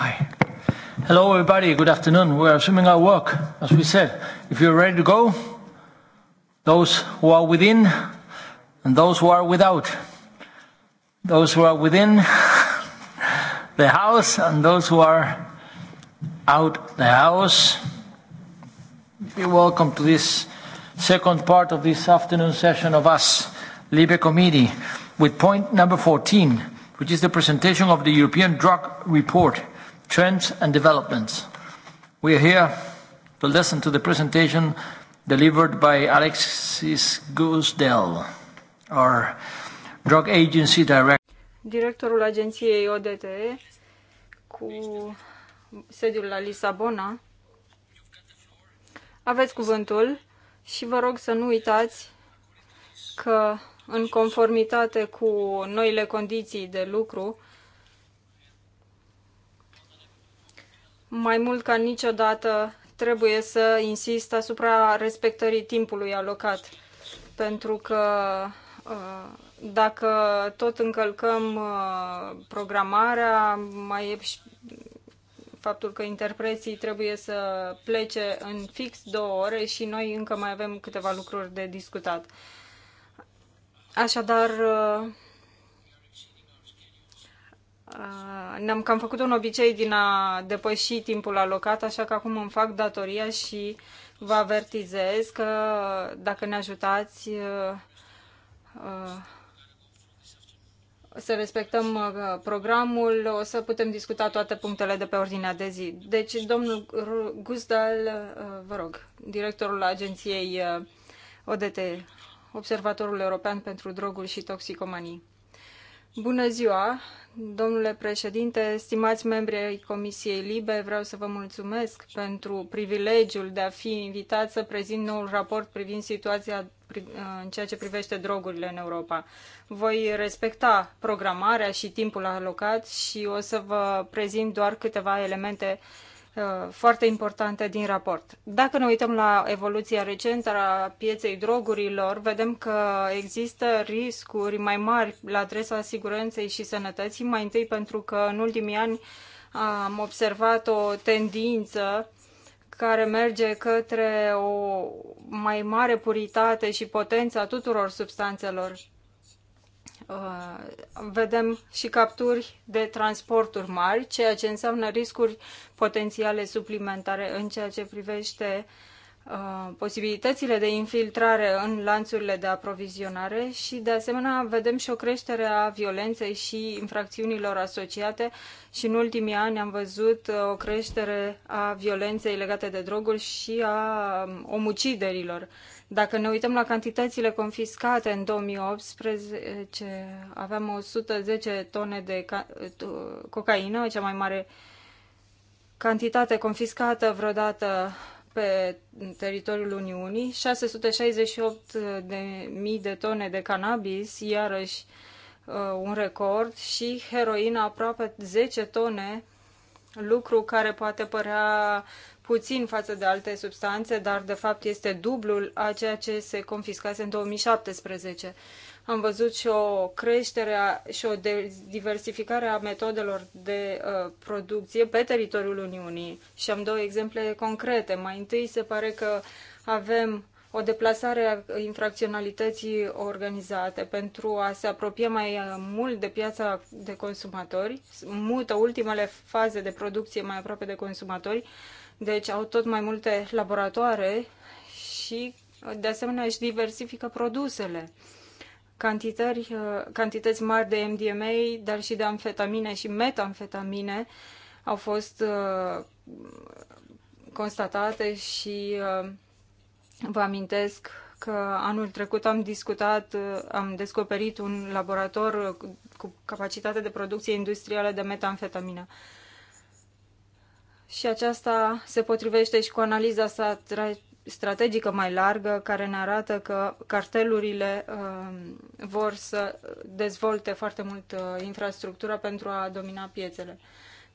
Hi. Hello, everybody. Good afternoon. We are assuming our work, as we said. If you're ready to go, those who are within and those who are without, those who are within the house and those who are out the house, be welcome to this second part of this afternoon session of us, Libre Committee, with point number 14, which is the presentation of the European Drug Report trends and developments. We are here to listen to the presentation delivered by Alexis Gusdel, our Drug Agency Director. Directorul agenției ODTE cu sediul la Lisabona. Aveți cuvântul și vă rog să nu uitați că în conformitate cu noile condiții de lucru, mai mult ca niciodată trebuie să insist asupra respectării timpului alocat, pentru că uh, dacă tot încălcăm uh, programarea, mai e și faptul că interpreții trebuie să plece în fix două ore și noi încă mai avem câteva lucruri de discutat. Așadar, uh, Uh, ne-am cam făcut un obicei din a depăși timpul alocat, așa că acum îmi fac datoria și vă avertizez că dacă ne ajutați uh, uh, să respectăm programul, o să putem discuta toate punctele de pe ordinea de zi. Deci, domnul Guzdal, vă rog, directorul agenției ODT, Observatorul European pentru Droguri și Toxicomanii. Bună ziua, domnule președinte, stimați membri ai Comisiei Libe, vreau să vă mulțumesc pentru privilegiul de a fi invitat să prezint noul raport privind situația în ceea ce privește drogurile în Europa. Voi respecta programarea și timpul alocat și o să vă prezint doar câteva elemente uh, Uh, foarte importante din raport. Dacă ne uităm la evoluția recentă a pieței drogurilor, vedem că există riscuri mai mari la adresa siguranței și sănătății, mai întâi pentru că în ultimii ani am observat o tendință care merge către o mai mare puritate și potență a tuturor substanțelor Uh, vedem și capturi de transporturi mari, ceea ce înseamnă riscuri potențiale suplimentare în ceea ce privește uh, posibilitățile de infiltrare în lanțurile de aprovizionare și, de asemenea, vedem și o creștere a violenței și infracțiunilor asociate și în ultimii ani am văzut uh, o creștere a violenței legate de droguri și a um, omuciderilor. Dacă ne uităm la cantitățile confiscate în 2018, aveam 110 tone de cocaină, cea mai mare cantitate confiscată vreodată pe teritoriul Uniunii, 668 de mii de tone de cannabis, iarăși uh, un record, și heroină aproape 10 tone, lucru care poate părea puțin față de alte substanțe, dar de fapt este dublul a ceea ce se confiscase în 2017. Am văzut și o creștere și o diversificare a metodelor de uh, producție pe teritoriul Uniunii. Și am două exemple concrete. Mai întâi se pare că avem o deplasare a infracționalității organizate pentru a se apropia mai uh, mult de piața de consumatori, mută ultimele faze de producție mai aproape de consumatori, deci au tot mai multe laboratoare și de asemenea își diversifică produsele. Cantitări, uh, cantități mari de MDMA, dar și de amfetamine și metamfetamine au fost uh, constatate și uh, vă amintesc că anul trecut am discutat, am descoperit un laborator cu capacitate de producție industrială de metamfetamină și aceasta se potrivește și cu analiza sa strategică mai largă care ne arată că cartelurile uh, vor să dezvolte foarte mult uh, infrastructura pentru a domina piețele,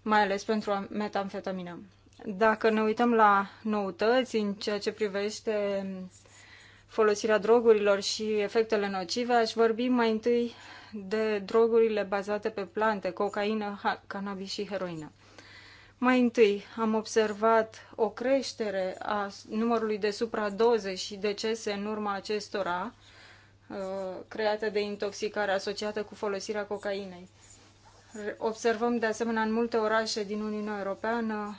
mai ales pentru metamfetamină. Dacă ne uităm la noutăți în ceea ce privește folosirea drogurilor și efectele nocive, aș vorbi mai întâi de drogurile bazate pe plante, cocaină, cannabis și heroină. Mai întâi am observat o creștere a numărului de supradoze și decese în urma acestora uh, create de intoxicare asociată cu folosirea cocainei. Observăm de asemenea în multe orașe din Uniunea Europeană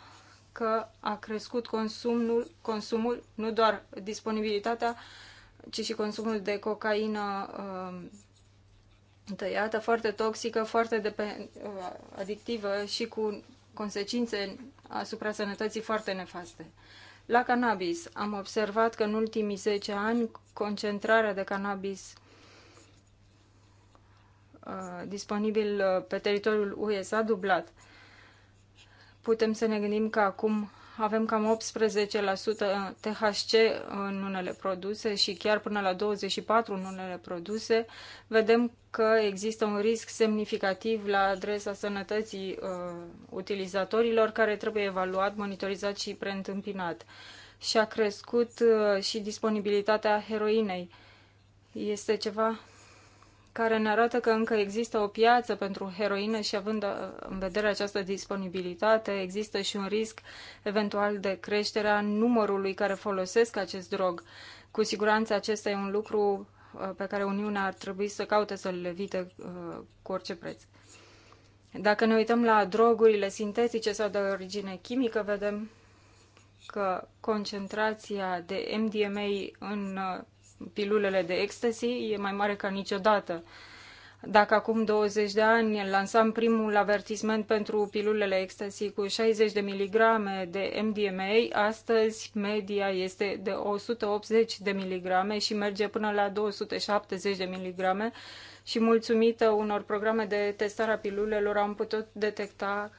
că a crescut consumul, consumul nu doar disponibilitatea, ci și consumul de cocaină um, tăiată, foarte toxică, foarte uh, adictivă și cu consecințe asupra sănătății foarte nefaste. La cannabis am observat că în ultimii 10 ani concentrarea de cannabis uh, disponibil uh, pe teritoriul UE s-a dublat. Putem să ne gândim că acum avem cam 18% THC în unele produse și chiar până la 24% în unele produse, vedem că există un risc semnificativ la adresa sănătății uh, utilizatorilor care trebuie evaluat, monitorizat și preîntâmpinat. Și a crescut uh, și disponibilitatea heroinei. Este ceva care ne arată că încă există o piață pentru heroină și având uh, în vedere această disponibilitate, există și un risc eventual de creșterea numărului care folosesc acest drog. Cu siguranță acesta e un lucru uh, pe care Uniunea ar trebui să caute să-l evite uh, cu orice preț. Dacă ne uităm la drogurile sintetice sau de origine chimică, vedem că concentrația de MDMA în pilulele de ecstasy e mai mare ca niciodată. Dacă acum 20 de ani lansam primul avertisment pentru pilulele ecstasy cu 60 de miligrame de MDMA, astăzi media este de 180 de miligrame și merge până la 270 de miligrame și mulțumită unor programe de testare a pilulelor am putut detecta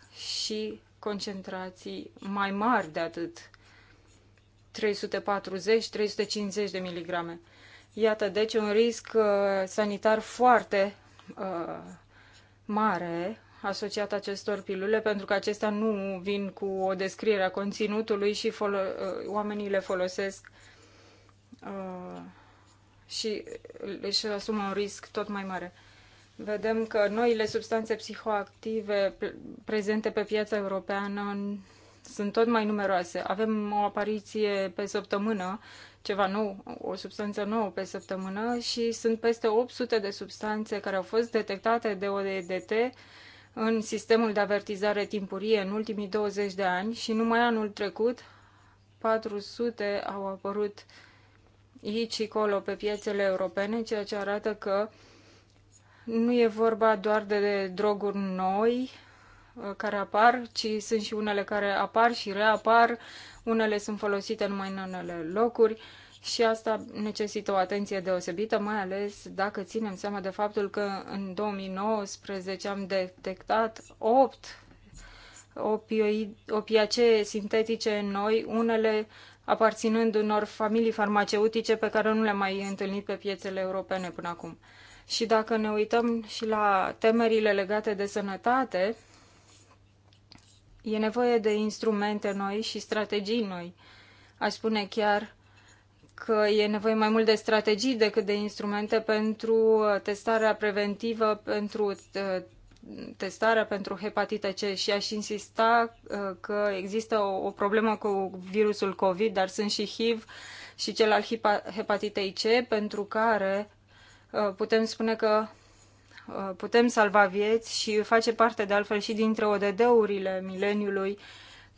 și concentrații mai mari de atât 340-350 de miligrame. Iată, deci, un risc uh, sanitar foarte uh, mare asociat acestor pilule, pentru că acestea nu vin cu o descriere a conținutului și folo- uh, oamenii le folosesc uh, și își asumă un risc tot mai mare. Vedem că noile substanțe psihoactive prezente pe piața europeană sunt tot mai numeroase. Avem o apariție pe săptămână, ceva nou, o substanță nouă pe săptămână și sunt peste 800 de substanțe care au fost detectate de ODDT în sistemul de avertizare timpurie în ultimii 20 de ani și numai anul trecut 400 au apărut aici și colo pe piețele europene, ceea ce arată că nu e vorba doar de droguri noi, Uh, care apar, ci sunt și unele care apar și reapar, unele sunt folosite numai în unele locuri și asta necesită o atenție deosebită, mai ales dacă ținem seama de faptul că în 2019 am detectat 8 opiacee sintetice noi, unele aparținând unor familii farmaceutice pe care nu le-am mai întâlnit pe piețele europene până acum. Și dacă ne uităm și la temerile legate de sănătate, E nevoie de instrumente noi și strategii noi. Aș spune chiar că e nevoie mai mult de strategii decât de instrumente pentru uh, testarea preventivă, pentru uh, testarea pentru hepatită C și aș insista uh, că există o, o problemă cu virusul COVID, dar sunt și HIV și cel al hepatitei C, pentru care putem spune că Uh, putem salva vieți și face parte de altfel și dintre ODD-urile mileniului,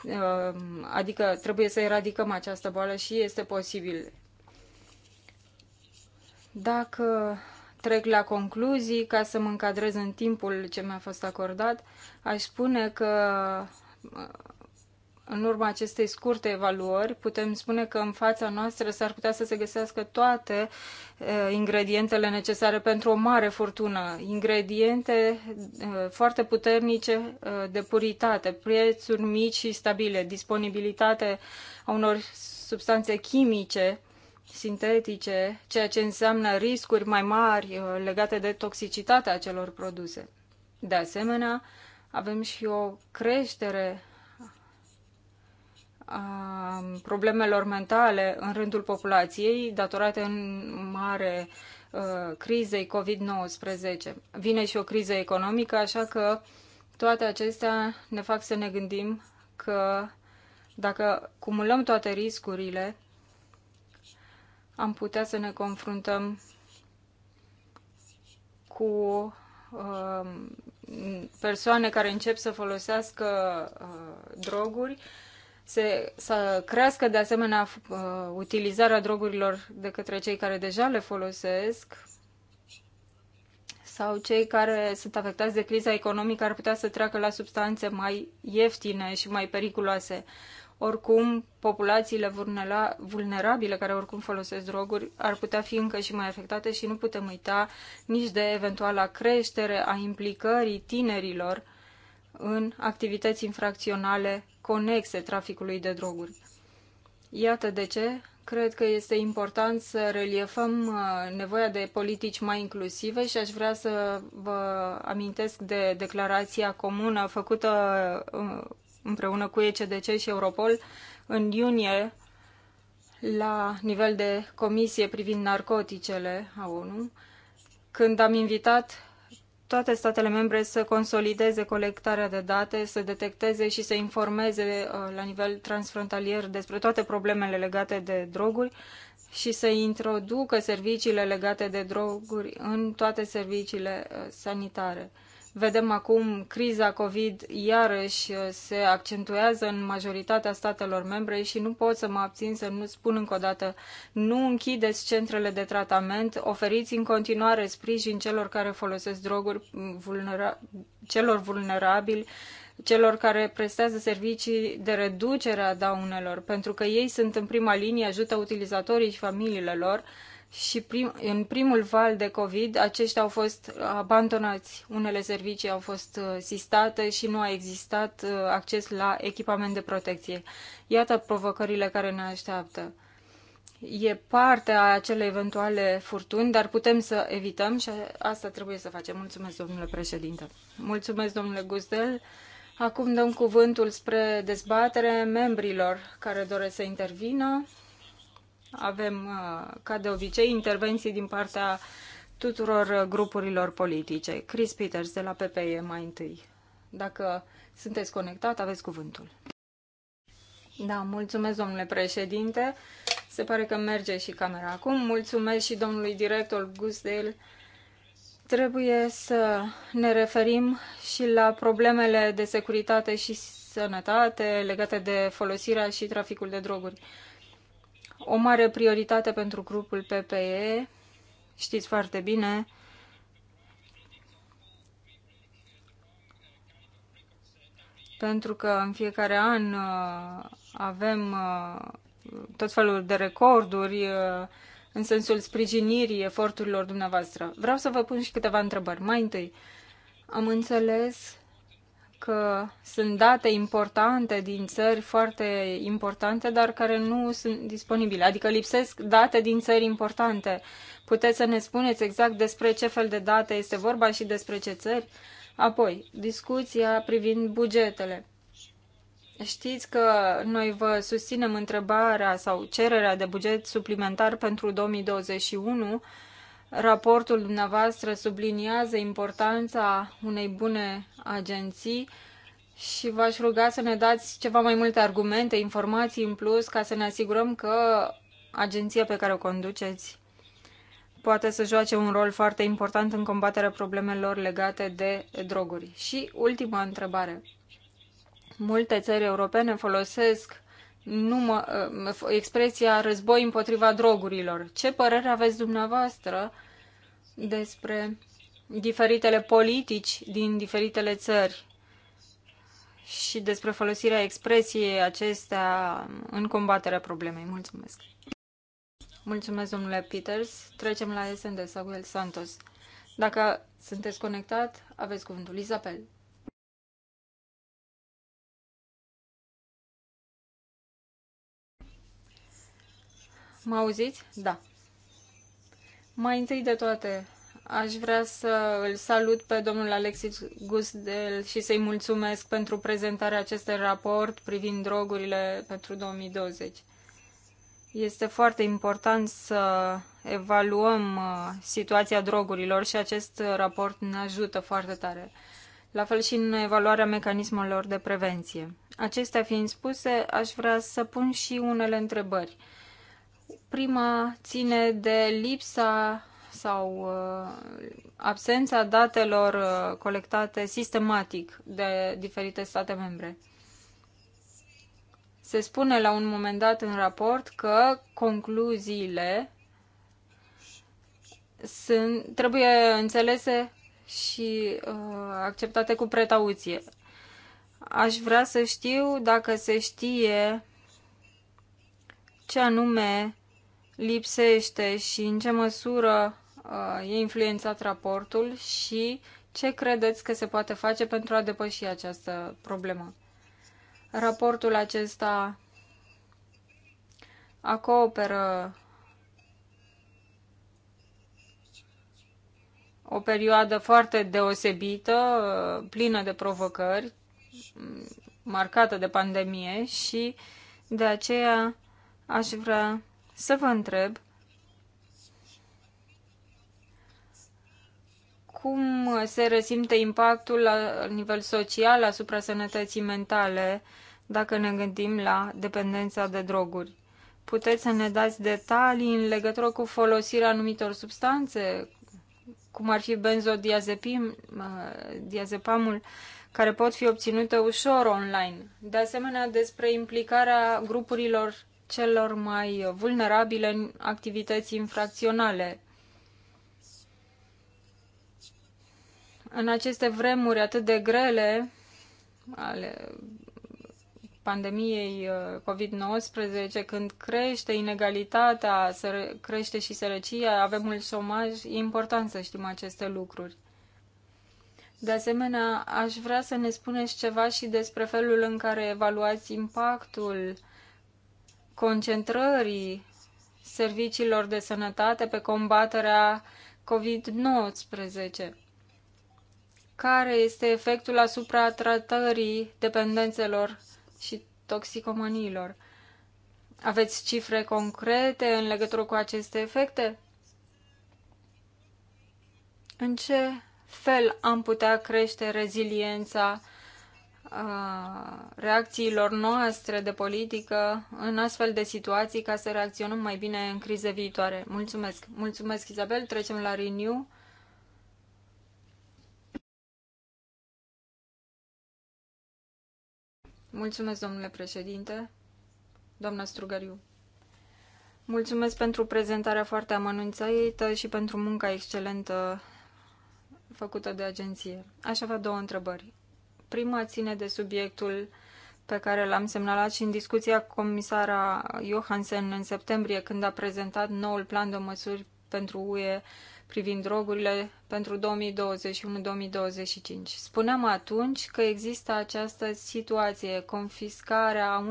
uh, adică trebuie să eradicăm această boală și este posibil. Dacă trec la concluzii, ca să mă încadrez în timpul ce mi-a fost acordat, aș spune că uh, în urma acestei scurte evaluări, putem spune că în fața noastră s-ar putea să se găsească toate ingredientele necesare pentru o mare furtună. Ingrediente foarte puternice de puritate, prețuri mici și stabile, disponibilitate a unor substanțe chimice sintetice, ceea ce înseamnă riscuri mai mari legate de toxicitatea acelor produse. De asemenea, avem și o creștere a problemelor mentale în rândul populației, datorate în mare uh, crizei COVID-19. Vine și o criză economică, așa că toate acestea ne fac să ne gândim că dacă cumulăm toate riscurile, am putea să ne confruntăm cu uh, persoane care încep să folosească uh, droguri se, să crească de asemenea uh, utilizarea drogurilor de către cei care deja le folosesc sau cei care sunt afectați de criza economică ar putea să treacă la substanțe mai ieftine și mai periculoase. Oricum, populațiile vulnerabile care oricum folosesc droguri ar putea fi încă și mai afectate și nu putem uita nici de eventuala creștere a implicării tinerilor în activități infracționale conexe traficului de droguri. Iată de ce cred că este important să reliefăm uh, nevoia de politici mai inclusive și aș vrea să vă amintesc de declarația comună făcută uh, împreună cu ECDC și Europol în iunie la nivel de comisie privind narcoticele a ONU, când am invitat toate statele membre să consolideze colectarea de date, să detecteze și să informeze uh, la nivel transfrontalier despre toate problemele legate de droguri și să introducă serviciile legate de droguri în toate serviciile uh, sanitare. Vedem acum criza COVID iarăși uh, se accentuează în majoritatea statelor membre și nu pot să mă abțin să nu spun încă o dată, nu închideți centrele de tratament, oferiți în continuare sprijin celor care folosesc droguri, mm, vulnera- celor vulnerabili, celor care prestează servicii de reducere a daunelor, pentru că ei sunt în prima linie, ajută utilizatorii și familiile lor și prim, în primul val de COVID aceștia au fost abandonați. Unele servicii au fost uh, sistate și nu a existat uh, acces la echipament de protecție. Iată provocările care ne așteaptă. E parte a acelei eventuale furtuni, dar putem să evităm și asta trebuie să facem. Mulțumesc, domnule președinte. Mulțumesc, domnule Guzdel. Acum dăm cuvântul spre dezbatere membrilor care doresc să intervină. Avem, uh, ca de obicei, intervenții din partea tuturor uh, grupurilor politice. Chris Peters de la PPE mai întâi. Dacă sunteți conectat, aveți cuvântul. Da, mulțumesc, domnule președinte. Se pare că merge și camera acum. Mulțumesc și domnului director Gusdel. trebuie să ne referim și la problemele de securitate și sănătate legate de folosirea și traficul de droguri o mare prioritate pentru grupul PPE. Știți foarte bine, pentru că în fiecare an uh, avem uh, tot felul de recorduri uh, în sensul sprijinirii eforturilor dumneavoastră. Vreau să vă pun și câteva întrebări. Mai întâi, am înțeles că sunt date importante din țări foarte importante, dar care nu sunt disponibile, adică lipsesc date din țări importante. Puteți să ne spuneți exact despre ce fel de date este vorba și despre ce țări? Apoi, discuția privind bugetele. Știți că noi vă susținem întrebarea sau cererea de buget suplimentar pentru 2021 Raportul dumneavoastră subliniază importanța unei bune agenții și v-aș ruga să ne dați ceva mai multe argumente, informații în plus, ca să ne asigurăm că agenția pe care o conduceți poate să joace un rol foarte important în combaterea problemelor legate de droguri. Și ultima întrebare. Multe țări europene folosesc numă, expresia război împotriva drogurilor. Ce părere aveți dumneavoastră despre diferitele politici din diferitele țări și despre folosirea expresiei acestea în combaterea problemei? Mulțumesc! Mulțumesc, domnule Peters. Trecem la SND, Saguel Santos. Dacă sunteți conectat, aveți cuvântul. Isabel. Mă auziți? Da. Mai întâi de toate, aș vrea să îl salut pe domnul Alexis Gusdel și să-i mulțumesc pentru prezentarea acestui raport privind drogurile pentru 2020. Este foarte important să evaluăm uh, situația drogurilor și acest raport ne ajută foarte tare. La fel și în evaluarea mecanismelor de prevenție. Acestea fiind spuse, aș vrea să pun și unele întrebări. Prima ține de lipsa sau uh, absența datelor uh, colectate sistematic de diferite state membre. Se spune la un moment dat în raport că concluziile sunt, trebuie înțelese și uh, acceptate cu pretauție. Aș vrea să știu dacă se știe ce anume lipsește și în ce măsură uh, e influențat raportul și ce credeți că se poate face pentru a depăși această problemă. Raportul acesta acoperă o perioadă foarte deosebită, uh, plină de provocări, marcată de pandemie și de aceea aș vrea să vă întreb cum se resimte impactul la nivel social asupra sănătății mentale dacă ne gândim la dependența de droguri. Puteți să ne dați detalii în legătură cu folosirea anumitor substanțe, cum ar fi benzodiazepamul, care pot fi obținute ușor online. De asemenea, despre implicarea grupurilor celor mai vulnerabile în activități infracționale. În aceste vremuri atât de grele ale pandemiei uh, COVID-19, când crește inegalitatea, crește și sărăcia, avem mult șomaj, e important să știm aceste lucruri. De asemenea, aș vrea să ne spuneți ceva și despre felul în care evaluați impactul concentrării serviciilor de sănătate pe combaterea COVID-19. Care este efectul asupra tratării dependențelor și toxicomaniilor? Aveți cifre concrete în legătură cu aceste efecte? În ce fel am putea crește reziliența reacțiilor noastre de politică în astfel de situații ca să reacționăm mai bine în crize viitoare. Mulțumesc! Mulțumesc, Isabel. Trecem la Renew. Mulțumesc, domnule președinte, doamna Strugariu. Mulțumesc pentru prezentarea foarte amănunțită și pentru munca excelentă făcută de agenție. Aș avea două întrebări. Prima ține de subiectul pe care l-am semnalat și în discuția cu comisara Johansen în septembrie, când a prezentat noul plan de măsuri pentru UE privind drogurile pentru 2021-2025. Spuneam atunci că există această situație, confiscarea a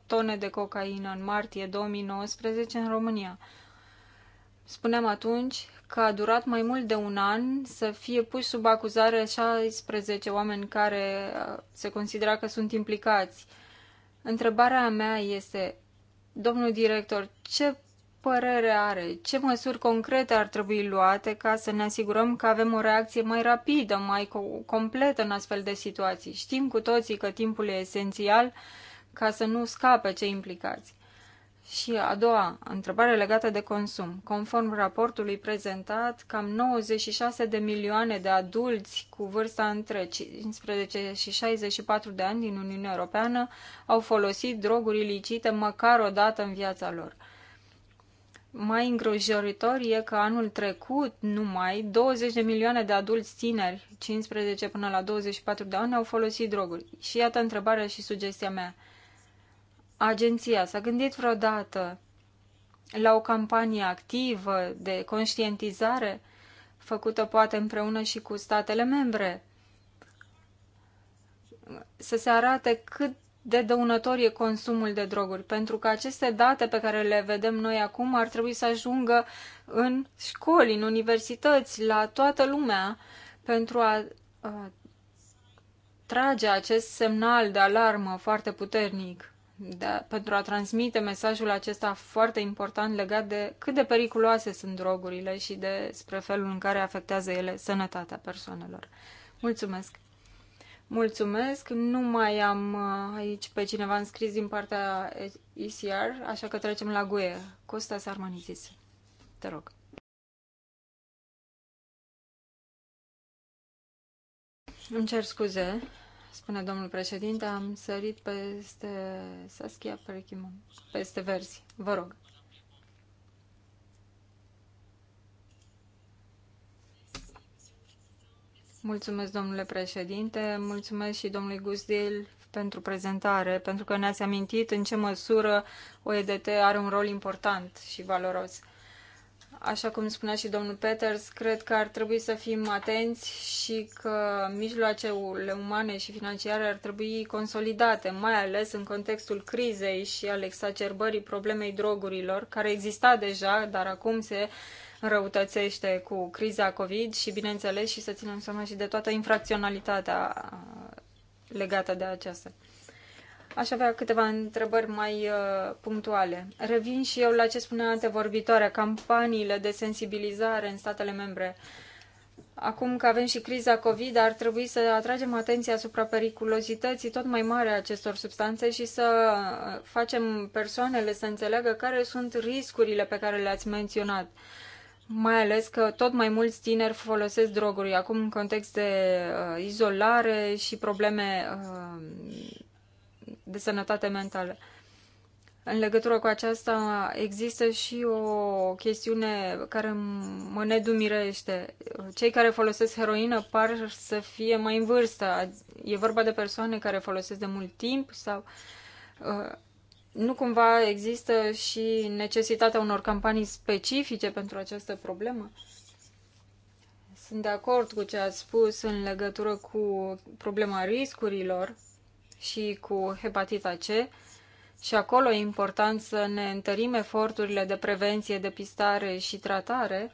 1,8 tone de cocaină în martie 2019 în România. Spuneam atunci că a durat mai mult de un an să fie puși sub acuzare 16 oameni care uh, se considera că sunt implicați. Întrebarea mea este, domnul director, ce părere are? Ce măsuri concrete ar trebui luate ca să ne asigurăm că avem o reacție mai rapidă, mai completă în astfel de situații? Știm cu toții că timpul e esențial ca să nu scape cei implicați. Și a doua întrebare legată de consum. Conform raportului prezentat, cam 96 de milioane de adulți cu vârsta între 15 și 64 de ani din Uniunea Europeană au folosit droguri ilicite măcar o dată în viața lor. Mai îngrojoritor e că anul trecut numai 20 de milioane de adulți tineri, 15 până la 24 de ani, au folosit droguri. Și iată întrebarea și sugestia mea agenția s-a gândit vreodată la o campanie activă de conștientizare făcută poate împreună și cu statele membre, să se arate cât de dăunător e consumul de droguri, pentru că aceste date pe care le vedem noi acum ar trebui să ajungă în școli, în universități, la toată lumea, pentru a, a trage acest semnal de alarmă foarte puternic de, da, pentru a transmite mesajul acesta foarte important legat de cât de periculoase sunt drogurile și despre felul în care afectează ele sănătatea persoanelor. Mulțumesc! Mulțumesc! Nu mai am uh, aici pe cineva înscris din partea ECR, așa că trecem la GUE. Costa Sarmanitis, te rog. Îmi cer scuze, spune domnul președinte, am sărit peste Saskia Perechimon, peste versi. Vă rog. Mulțumesc, domnule președinte, mulțumesc și domnului Guzdil pentru prezentare, pentru că ne-ați amintit în ce măsură OEDT are un rol important și valoros așa cum spunea și domnul Peters, cred că ar trebui să fim atenți și că mijloacele umane și financiare ar trebui consolidate, mai ales în contextul crizei și al exacerbării problemei drogurilor, care exista deja, dar acum se înrăutățește cu criza COVID și, bineînțeles, și să ținem seama și de toată infracționalitatea legată de aceasta. Aș avea câteva întrebări mai uh, punctuale. Revin și eu la ce spunea antevorbitoarea, campaniile de sensibilizare în statele membre. Acum că avem și criza COVID, ar trebui să atragem atenția asupra periculozității tot mai mare a acestor substanțe și să uh, facem persoanele să înțeleagă care sunt riscurile pe care le-ați menționat. Mai ales că tot mai mulți tineri folosesc droguri, acum în context de uh, izolare și probleme uh, de sănătate mentală. În legătură cu aceasta există și o chestiune care mă nedumirește. Cei care folosesc heroină par să fie mai în vârstă. E vorba de persoane care folosesc de mult timp sau uh, nu cumva există și necesitatea unor campanii specifice pentru această problemă? Sunt de acord cu ce ați spus în legătură cu problema riscurilor și cu hepatita C și acolo e important să ne întărim eforturile de prevenție, depistare și tratare.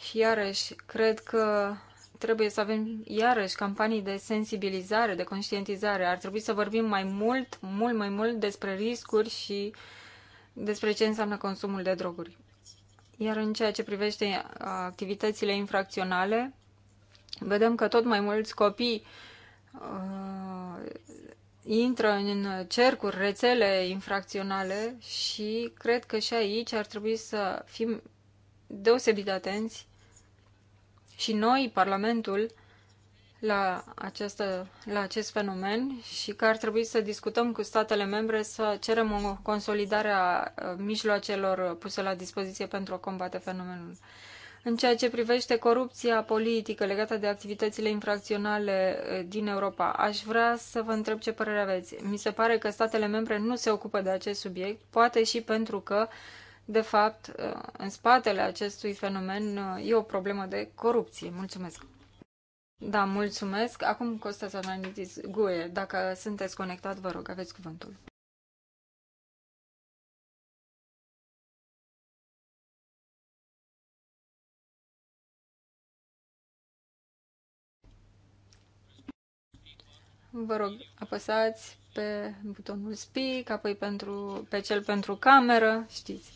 Și iarăși, cred că trebuie să avem iarăși campanii de sensibilizare, de conștientizare. Ar trebui să vorbim mai mult, mult mai mult despre riscuri și despre ce înseamnă consumul de droguri. Iar în ceea ce privește uh, activitățile infracționale, vedem că tot mai mulți copii uh, uh, intră în cercuri, rețele infracționale și cred că și aici ar trebui să fim deosebit atenți și noi, Parlamentul, la, această, la acest fenomen și că ar trebui să discutăm cu statele membre să cerem o consolidare a uh, mijloacelor puse la dispoziție pentru a combate fenomenul. În ceea ce privește corupția politică legată de activitățile infracționale din Europa, aș vrea să vă întreb ce părere aveți. Mi se pare că statele membre nu se ocupă de acest subiect, poate și pentru că, de fapt, în spatele acestui fenomen e o problemă de corupție. Mulțumesc! Da, mulțumesc. Acum Costas Zananitis Guie, dacă sunteți conectat, vă rog, aveți cuvântul. Vă rog, apăsați pe butonul speak, apoi pentru, pe cel pentru cameră, știți.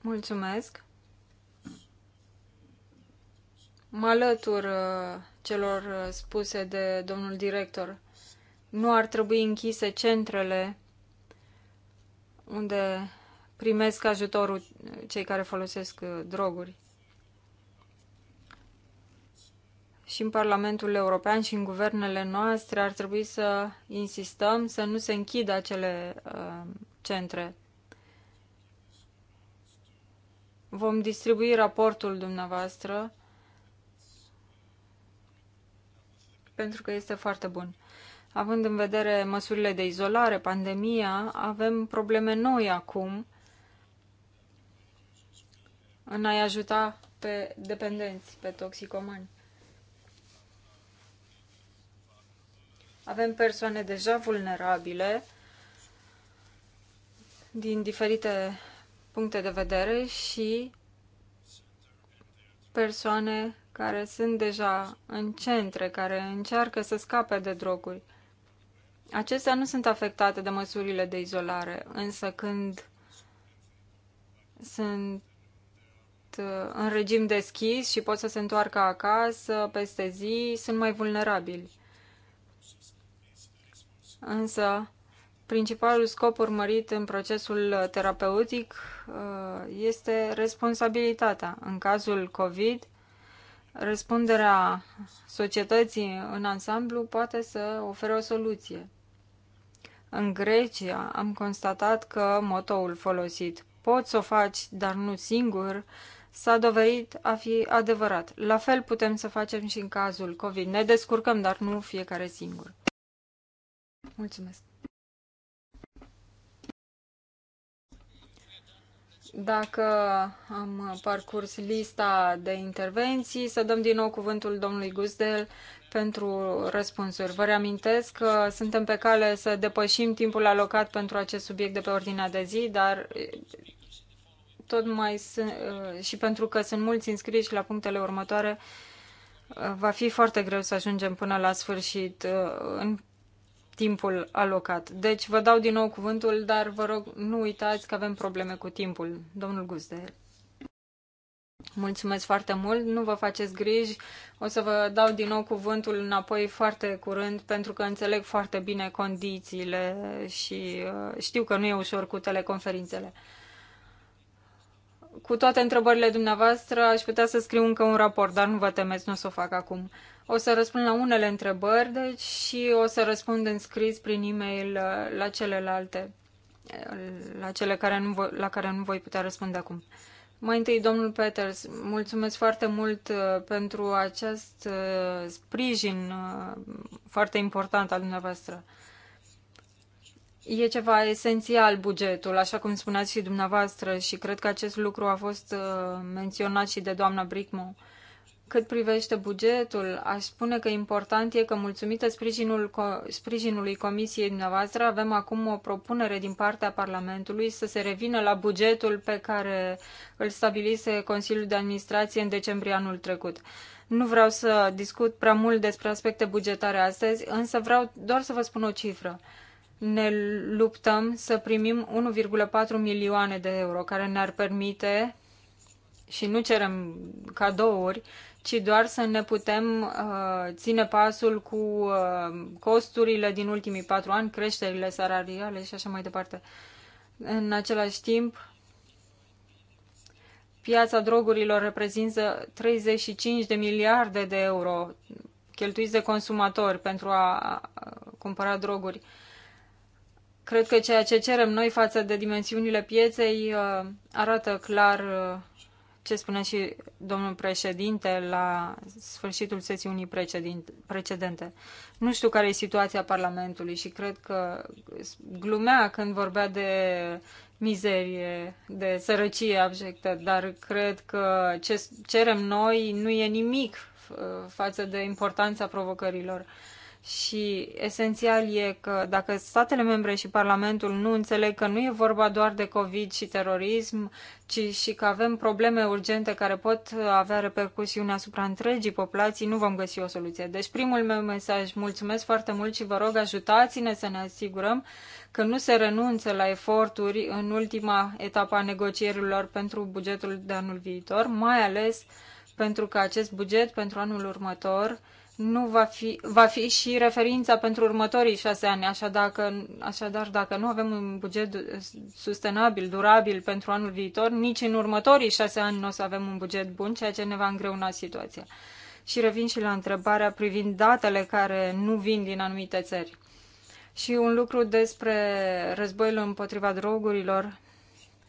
Mulțumesc. Mă alătur uh, celor uh, spuse de domnul director. Nu ar trebui închise centrele unde primesc ajutorul cei care folosesc uh, droguri. Și în Parlamentul European și în guvernele noastre ar trebui să insistăm să nu se închidă acele uh, centre. Vom distribui raportul dumneavoastră pentru că este foarte bun. Având în vedere măsurile de izolare, pandemia, avem probleme noi acum în a-i ajuta pe dependenți, pe toxicomani. Avem persoane deja vulnerabile din diferite puncte de vedere și persoane care sunt deja în centre, care încearcă să scape de droguri. Acestea nu sunt afectate de măsurile de izolare, însă când sunt Uh, în regim deschis și pot să se întoarcă acasă peste zi, sunt mai vulnerabili. Însă, principalul scop urmărit în procesul terapeutic uh, este responsabilitatea. În cazul COVID, răspunderea societății în ansamblu poate să ofere o soluție. În Grecia am constatat că motoul folosit poți să o faci, dar nu singur, s-a dovedit a fi adevărat. La fel putem să facem și în cazul COVID. Ne descurcăm, dar nu fiecare singur. Mulțumesc. Dacă am parcurs lista de intervenții, să dăm din nou cuvântul domnului Guzdel pentru răspunsuri. Vă reamintesc că suntem pe cale să depășim timpul alocat pentru acest subiect de pe ordinea de zi, dar tot mai sunt, uh, și pentru că sunt mulți înscriși la punctele următoare, uh, va fi foarte greu să ajungem până la sfârșit uh, în timpul alocat. Deci vă dau din nou cuvântul, dar vă rog, nu uitați că avem probleme cu timpul. Domnul Guzder. Mulțumesc foarte mult, nu vă faceți griji, o să vă dau din nou cuvântul înapoi foarte curând, pentru că înțeleg foarte bine condițiile și știu că nu e ușor cu teleconferințele cu toate întrebările dumneavoastră aș putea să scriu încă un raport, dar nu vă temeți, nu o să o fac acum. O să răspund la unele întrebări deci, și o să răspund în scris prin e-mail uh, la celelalte, uh, la cele care nu voi, la care nu voi putea răspunde acum. Mai întâi, domnul Peters, mulțumesc foarte mult uh, pentru acest sprijin foarte important al dumneavoastră e ceva esențial bugetul, așa cum spuneați și dumneavoastră și cred că acest lucru a fost uh, menționat și de doamna Bricmo. Cât privește bugetul, aș spune că important e că mulțumită sprijinul, sprijinului comisiei dumneavoastră avem acum o propunere din partea Parlamentului să se revină la bugetul pe care îl stabilise Consiliul de Administrație în decembrie anul trecut. Nu vreau să discut prea mult despre aspecte bugetare astăzi, însă vreau doar să vă spun o cifră ne luptăm să primim 1,4 milioane de euro, care ne-ar permite, și nu cerem cadouri, ci doar să ne putem uh, ține pasul cu uh, costurile din ultimii patru ani, creșterile salariale și așa mai departe. În același timp, piața drogurilor reprezintă 35 de miliarde de euro cheltuiți de consumatori pentru a cumpăra droguri. Uh, Cred că ceea ce cerem noi față de dimensiunile pieței uh, arată clar uh, ce spunea și domnul președinte la sfârșitul sesiunii precedente. Nu știu care e situația Parlamentului și cred că glumea când vorbea de mizerie, de sărăcie abjectă, dar cred că ce cerem noi nu e nimic uh, față de importanța provocărilor și esențial e că dacă statele membre și Parlamentul nu înțeleg că nu e vorba doar de COVID și terorism, ci și că avem probleme urgente care pot avea repercusiuni asupra întregii populații, nu vom găsi o soluție. Deci primul meu mesaj, mulțumesc foarte mult și vă rog ajutați-ne să ne asigurăm că nu se renunță la eforturi în ultima etapă a negocierilor pentru bugetul de anul viitor, mai ales pentru că acest buget pentru anul următor nu va fi, va fi și referința pentru următorii șase ani. Așa dacă, așadar, dacă nu avem un buget sustenabil, durabil pentru anul viitor, nici în următorii șase ani nu o să avem un buget bun, ceea ce ne va îngreuna situația. Și revin și la întrebarea privind datele care nu vin din anumite țări. Și un lucru despre războiul împotriva drogurilor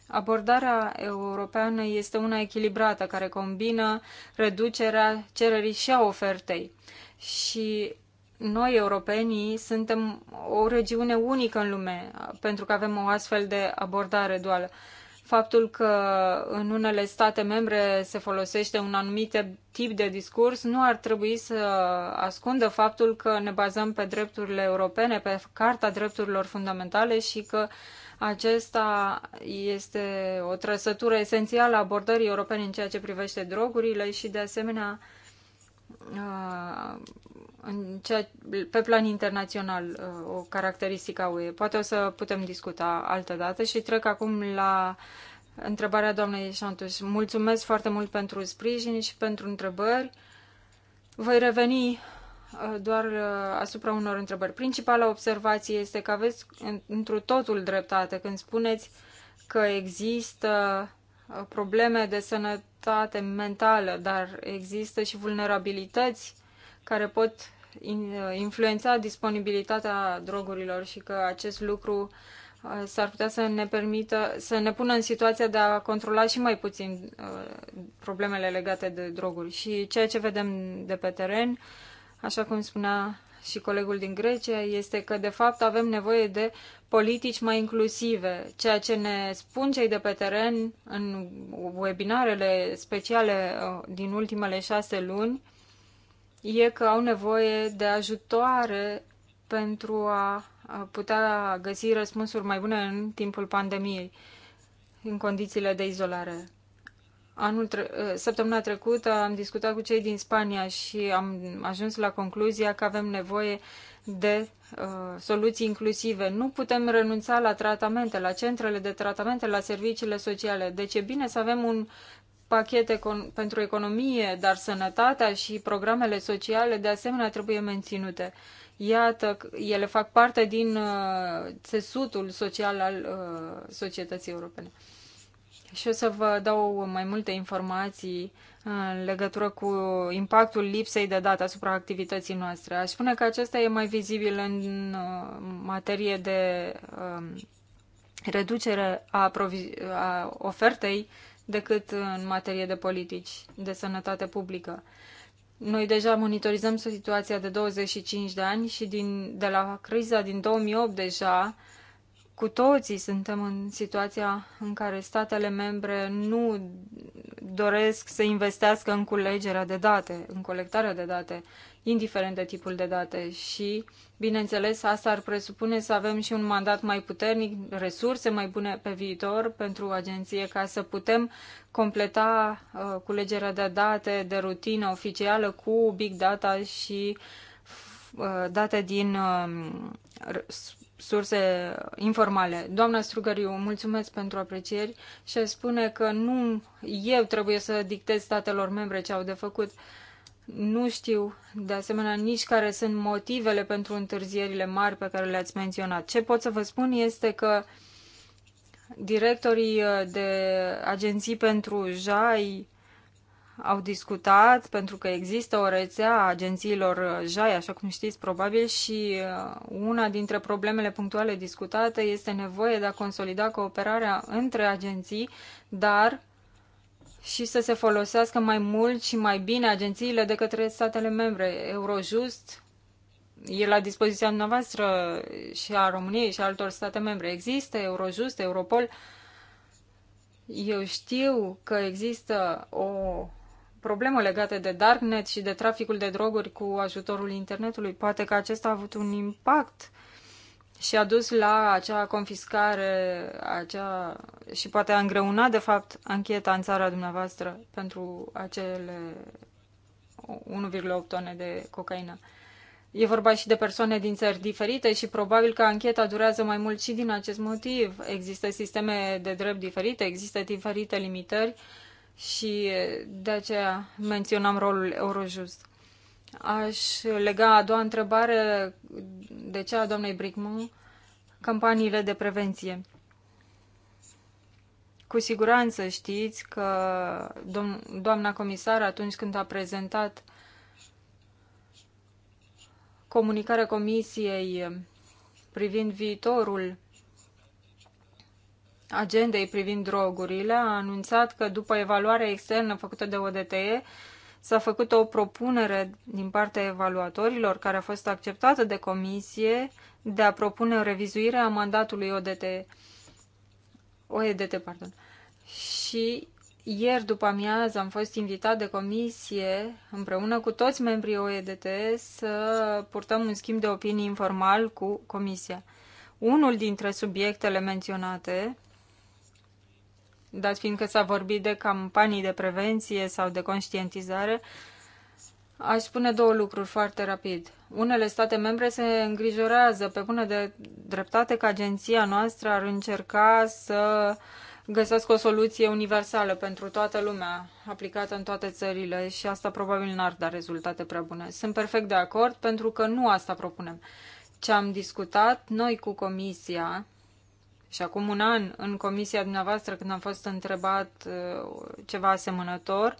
Abordarea europeană este una echilibrată, care combină reducerea cererii și a ofertei. Și noi, europenii, suntem o regiune unică în lume, pentru că avem o astfel de abordare duală. Faptul că în unele state membre se folosește un anumit tip de discurs nu ar trebui să ascundă faptul că ne bazăm pe drepturile europene, pe Carta Drepturilor Fundamentale și că uh, acesta este o trăsătură esențială a abordării europene în ceea ce privește drogurile și, de asemenea, uh, în ceea, pe plan internațional uh, o caracteristică a UE. Poate o să putem discuta altă dată și trec acum la întrebarea doamnei Șantuș. Mulțumesc foarte mult pentru sprijin și pentru întrebări. Voi reveni Uh, doar uh, asupra unor întrebări. Principala observație este că aveți întru totul dreptate când spuneți că există uh, probleme de sănătate mentală, dar există și vulnerabilități care pot influența disponibilitatea drogurilor și că acest lucru s-ar putea să ne permită să ne pună în situația de a controla și mai puțin problemele legate de droguri. Și ceea ce vedem de pe teren așa cum spunea și colegul din Grecia, este că de fapt avem nevoie de politici mai inclusive. Ceea ce ne spun cei de pe teren în webinarele speciale uh, din ultimele șase luni e că au nevoie de ajutoare pentru a putea găsi răspunsuri mai bune în timpul pandemiei, în condițiile de izolare. Anul tre- ă, săptămâna trecută am discutat cu cei din Spania și am ajuns la concluzia că avem nevoie de uh, soluții inclusive. Nu putem renunța la tratamente, la centrele de tratamente, la serviciile sociale. Deci e bine să avem un pachet econ- pentru economie, dar sănătatea și programele sociale de asemenea trebuie menținute. Iată, ele fac parte din uh, țesutul social al uh, societății europene și o să vă dau mai multe informații în legătură cu impactul lipsei de dată asupra activității noastre. Aș spune că acesta e mai vizibil în uh, materie de um, reducere a, a ofertei decât în materie de politici de sănătate publică. Noi deja monitorizăm situația de 25 de ani și din, de la criza din 2008 deja cu toții suntem în situația în care statele membre nu doresc să investească în culegerea de date, în colectarea de date, indiferent de tipul de date și, bineînțeles, asta ar presupune să avem și un mandat mai puternic, resurse mai bune pe viitor pentru agenție ca să putem completa uh, culegerea de date de rutină oficială cu big data și uh, date din uh, surse informale. Doamna Strugăriu, mulțumesc pentru aprecieri și spune că nu eu trebuie să dictez statelor membre ce au de făcut. Nu știu, de asemenea, nici care sunt motivele pentru întârzierile mari pe care le-ați menționat. Ce pot să vă spun este că directorii uh, de agenții pentru JAI au discutat, pentru că există o rețea a agențiilor JAI, așa cum știți probabil, și uh, una dintre problemele punctuale discutate este nevoie de a consolida cooperarea între agenții, dar și să se folosească mai mult și mai bine agențiile de către statele membre. Eurojust e la dispoziția noastră și a României și a altor state membre. Există Eurojust, Europol. Eu știu că există o Probleme legate de Darknet și de traficul de droguri cu ajutorul internetului. Poate că acesta a avut un impact și a dus la acea confiscare acea... și poate a îngreunat, de fapt, ancheta în țara dumneavoastră pentru acele 1,8 tone de cocaină. E vorba și de persoane din țări diferite și probabil că ancheta durează mai mult și din acest motiv. Există sisteme de drept diferite, există diferite limitări și de aceea menționam rolul Eurojust. Aș lega a doua întrebare de cea a doamnei Brigmont, campaniile de prevenție. Cu siguranță știți că doamna comisar, atunci când a prezentat comunicarea comisiei privind viitorul agendei privind drogurile, a anunțat că după evaluarea externă făcută de ODTE, s-a făcut o propunere din partea evaluatorilor, care a fost acceptată de comisie, de a propune o revizuire a mandatului ODT, OEDT. Pardon. Și ieri după amiază am fost invitat de comisie, împreună cu toți membrii OEDT, să purtăm un schimb de opinii informal cu comisia. Unul dintre subiectele menționate dat fiindcă s-a vorbit de campanii de prevenție sau de conștientizare, aș spune două lucruri foarte rapid. Unele state membre se îngrijorează pe bună de dreptate că agenția noastră ar încerca să găsească o soluție universală pentru toată lumea, aplicată în toate țările și asta probabil n-ar da rezultate prea bune. Sunt perfect de acord pentru că nu asta propunem. Ce am discutat noi cu Comisia și acum un an în comisia dumneavoastră când am fost întrebat uh, ceva asemănător,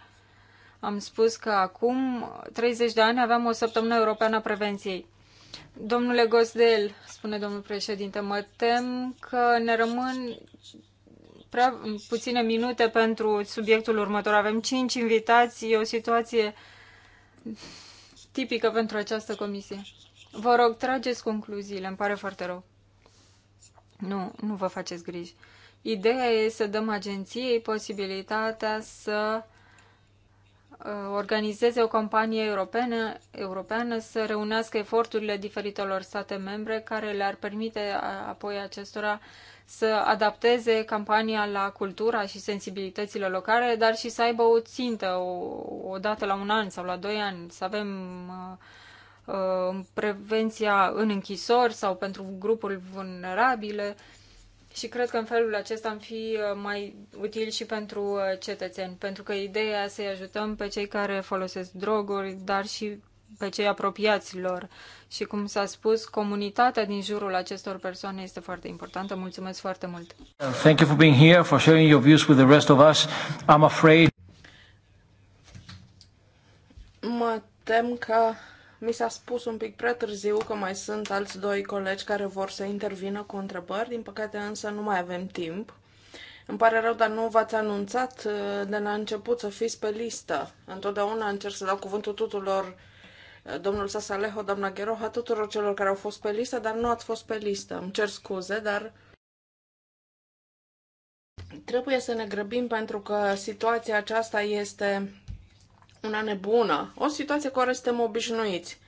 am spus că acum 30 de ani aveam o săptămână europeană a prevenției. Domnule Gosdel, spune domnul președinte, mă tem că ne rămân prea puține minute pentru subiectul următor. Avem cinci invitați, e o situație tipică pentru această comisie. Vă rog, trageți concluziile, îmi pare foarte rău. Nu, nu vă faceți griji. Ideea e să dăm agenției posibilitatea să uh, organizeze o companie europeană, europeană să reunească eforturile diferitelor state membre care le-ar permite apoi acestora să adapteze campania la cultura și sensibilitățile locale, dar și să aibă o țintă o, o dată la un an sau la doi ani, să avem uh, Uh, prevenția în închisori sau pentru grupuri vulnerabile și cred că în felul acesta am fi uh, mai util și pentru uh, cetățeni, pentru că ideea să-i ajutăm pe cei care folosesc droguri, dar și pe cei apropiați lor. Și cum s-a spus, comunitatea din jurul acestor persoane este foarte importantă. Mulțumesc foarte mult. Thank you for being here, for sharing your views with the rest of us. I'm afraid Mă tem că mi s-a spus un pic prea târziu că mai sunt alți doi colegi care vor să intervină cu întrebări, din păcate însă nu mai avem timp. Îmi pare rău, dar nu v-ați anunțat uh, de la început să fiți pe listă. Întotdeauna încerc să dau cuvântul tuturor, uh, domnul Sasaleho, doamna Gheroha, tuturor celor care au fost pe listă, dar nu ați fost pe listă. Îmi cer scuze, dar trebuie să ne grăbim pentru că situația aceasta este una nebună, o situație cu care suntem obișnuiți.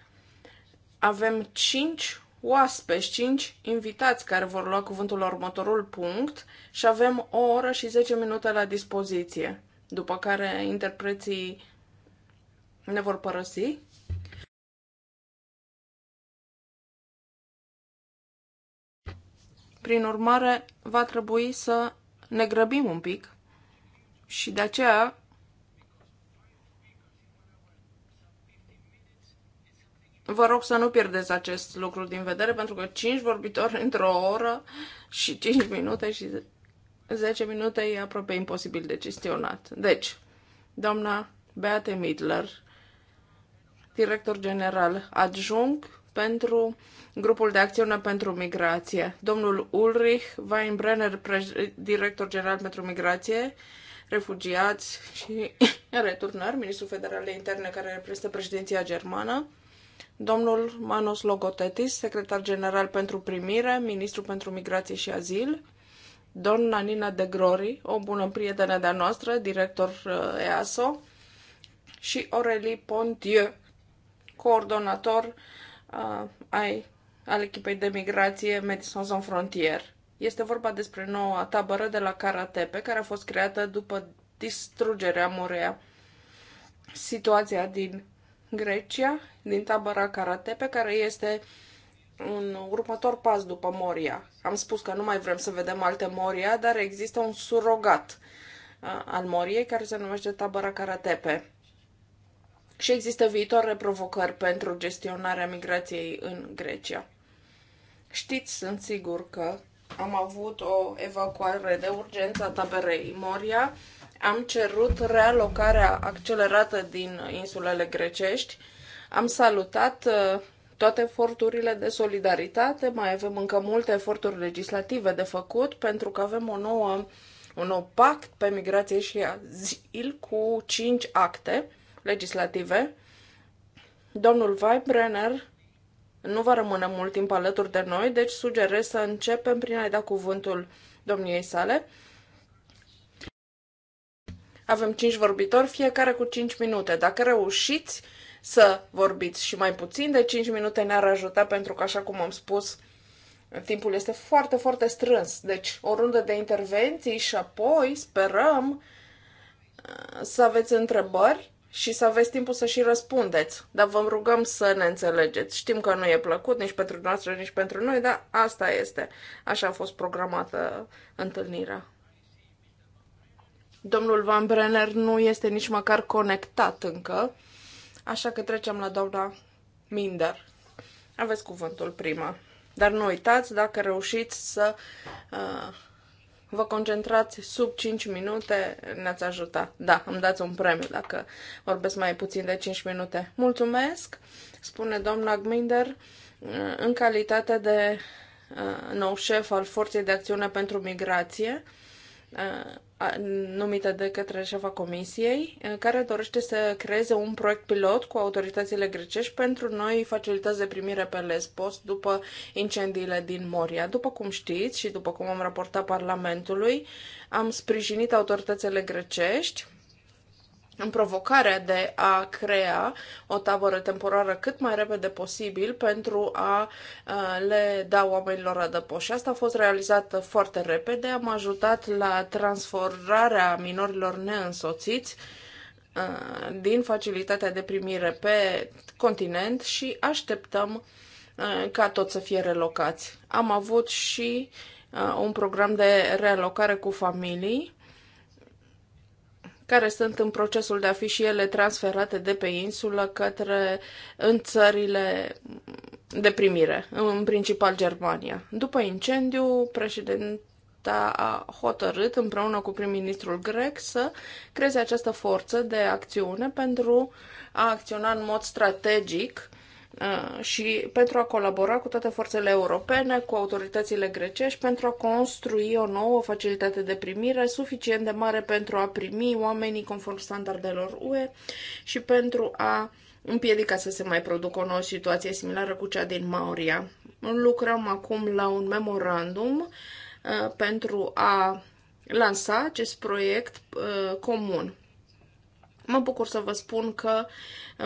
Avem cinci oaspeți, cinci invitați care vor lua cuvântul la următorul punct și avem o oră și 10 minute la dispoziție, după care interpreții ne vor părăsi. Prin urmare, va trebui să ne grăbim un pic și de aceea Vă rog să nu pierdeți acest lucru din vedere, pentru că 5 vorbitori într-o oră și 5 minute și 10 minute e aproape imposibil de gestionat. Deci, doamna Beate Midler, director general adjunct pentru grupul de acțiune pentru migrație, domnul Ulrich Weinbrenner, director general pentru migrație, refugiați și returnări, ministrul federal de interne care reprezintă președinția germană, domnul Manos Logotetis, secretar general pentru primire, ministru pentru migrație și azil, doamna Nina de Grori, o bună prietenă de-a noastră, director uh, EASO, și Aurelie Pontieu, coordonator uh, ai, al echipei de migrație Medicine Sans Frontier. Este vorba despre noua tabără de la Karatepe, care a fost creată după distrugerea Morea. Situația din Grecia, din tabăra Karate, pe care este un următor pas după Moria. Am spus că nu mai vrem să vedem alte Moria, dar există un surogat uh, al Moriei care se numește tabăra Karatepe. Și există viitoare provocări pentru gestionarea migrației în Grecia. Știți, sunt sigur că am avut o evacuare de urgență a taberei Moria am cerut realocarea accelerată din insulele grecești, am salutat uh, toate eforturile de solidaritate, mai avem încă multe eforturi legislative de făcut pentru că avem o nouă, un nou pact pe migrație și azil cu cinci acte legislative. Domnul Weibrenner nu va rămâne mult timp alături de noi, deci sugerez să începem prin a-i da cuvântul domniei sale avem 5 vorbitori, fiecare cu 5 minute. Dacă reușiți să vorbiți și mai puțin de 5 minute ne-ar ajuta pentru că, așa cum am spus, timpul este foarte, foarte strâns. Deci, o rundă de intervenții și apoi sperăm uh, să aveți întrebări și să aveți timpul să și răspundeți. Dar vă rugăm să ne înțelegeți. Știm că nu e plăcut nici pentru noastră, nici pentru noi, dar asta este. Așa a fost programată întâlnirea. Domnul Van Brenner nu este nici măcar conectat încă, așa că trecem la doamna Minder. Aveți cuvântul prima. Dar nu uitați, dacă reușiți să uh, vă concentrați sub 5 minute, ne-ați ajuta. Da, îmi dați un premiu dacă vorbesc mai puțin de 5 minute. Mulțumesc, spune doamna Gminder, uh, în calitate de uh, nou șef al Forței de Acțiune pentru Migrație numită de către șefa comisiei, care dorește să creeze un proiect pilot cu autoritățile grecești pentru noi facilități de primire pe Lesbos după incendiile din Moria. După cum știți și după cum am raportat Parlamentului, am sprijinit autoritățile grecești în provocarea de a crea o tabără temporară cât mai repede posibil pentru a le da oamenilor adăpost. Și asta a fost realizată foarte repede. Am ajutat la transformarea minorilor neînsoțiți din facilitatea de primire pe continent și așteptăm ca tot să fie relocați. Am avut și un program de realocare cu familii care sunt în procesul de a fi și ele transferate de pe insulă către în țările de primire, în principal Germania. După incendiu, președinta a hotărât împreună cu prim-ministrul grec să creeze această forță de acțiune pentru a acționa în mod strategic Uh, și pentru a colabora cu toate forțele europene, cu autoritățile grecești, pentru a construi o nouă facilitate de primire suficient de mare pentru a primi oamenii conform standardelor UE și pentru a împiedica să se mai producă o nouă situație similară cu cea din Mauria. Lucrăm acum la un memorandum uh, pentru a lansa acest proiect uh, comun. Mă bucur să vă spun că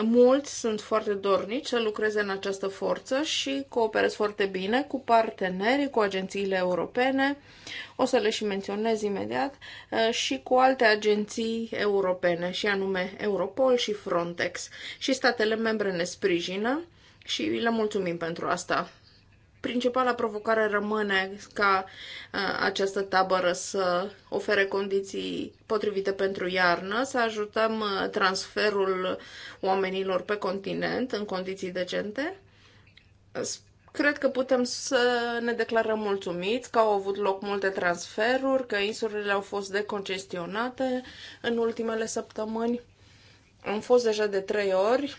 mulți sunt foarte dornici să lucreze în această forță și cooperez foarte bine cu partenerii, cu agențiile europene, o să le și menționez imediat, uh, și cu alte agenții europene, și anume Europol și Frontex. Și statele membre ne sprijină și le mulțumim pentru asta principala provocare rămâne ca uh, această tabără să ofere condiții potrivite pentru iarnă, să ajutăm uh, transferul oamenilor pe continent în condiții decente. Cred că putem să ne declarăm mulțumiți că au avut loc multe transferuri, că insulele au fost decongestionate în ultimele săptămâni. Am fost deja de trei ori,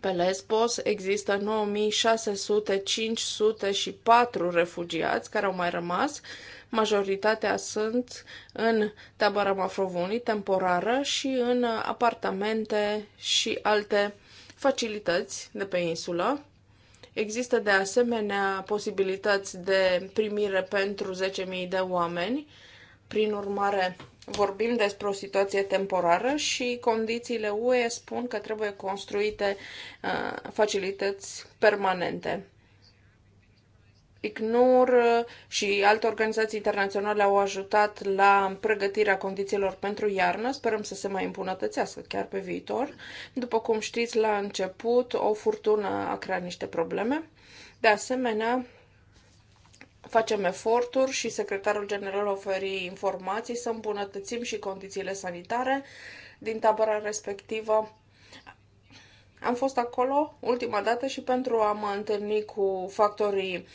pe Lesbos există 9604 refugiați care au mai rămas. Majoritatea sunt în tabăra Mafrovunii, temporară, și în apartamente și alte facilități de pe insulă. Există de asemenea posibilități de primire pentru 10.000 de oameni. Prin urmare, vorbim despre o situație temporară și condițiile UE spun că trebuie construite uh, facilități permanente. ICNUR uh, și alte organizații internaționale au ajutat la pregătirea condițiilor pentru iarnă. Sperăm să se mai îmbunătățească chiar pe viitor. După cum știți, la început o furtună a creat niște probleme. De asemenea, facem eforturi și secretarul general oferi informații să îmbunătățim și condițiile sanitare din tabăra respectivă. Am fost acolo ultima dată și pentru a mă întâlni cu factorii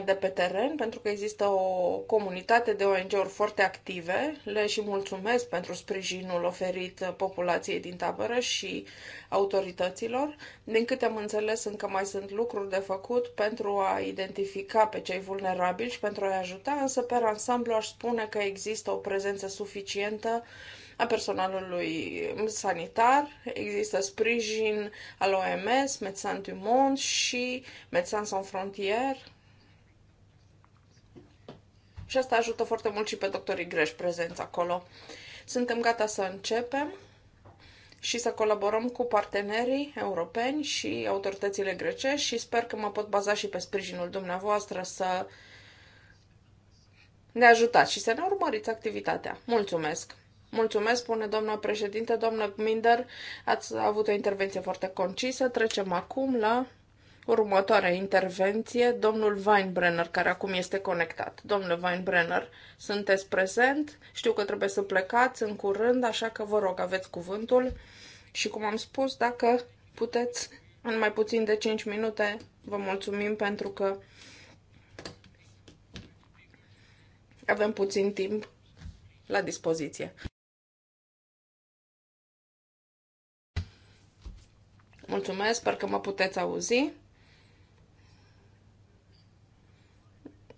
de pe teren, pentru că există o comunitate de ONG-uri foarte active. Le și mulțumesc pentru sprijinul oferit populației din tabără și autorităților. Din câte am înțeles, încă mai sunt lucruri de făcut pentru a identifica pe cei vulnerabili și pentru a-i ajuta, însă pe ansamblu aș spune că există o prezență suficientă a personalului sanitar, există sprijin al OMS, Médecins du Monde și Médecins Sans Frontières, și asta ajută foarte mult și pe doctorii greși prezenți acolo. Suntem gata să începem și să colaborăm cu partenerii europeni și autoritățile grecești și sper că mă pot baza și pe sprijinul dumneavoastră să ne ajutați și să ne urmăriți activitatea. Mulțumesc! Mulțumesc, spune doamna președinte, doamnă Gminder, ați avut o intervenție foarte concisă. Trecem acum la Următoarea intervenție, domnul Weinbrenner, care acum este conectat. Domnule Weinbrenner, sunteți prezent? Știu că trebuie să plecați în curând, așa că vă rog, aveți cuvântul. Și cum am spus, dacă puteți, în mai puțin de 5 minute, vă mulțumim pentru că avem puțin timp la dispoziție. Mulțumesc, sper că mă puteți auzi.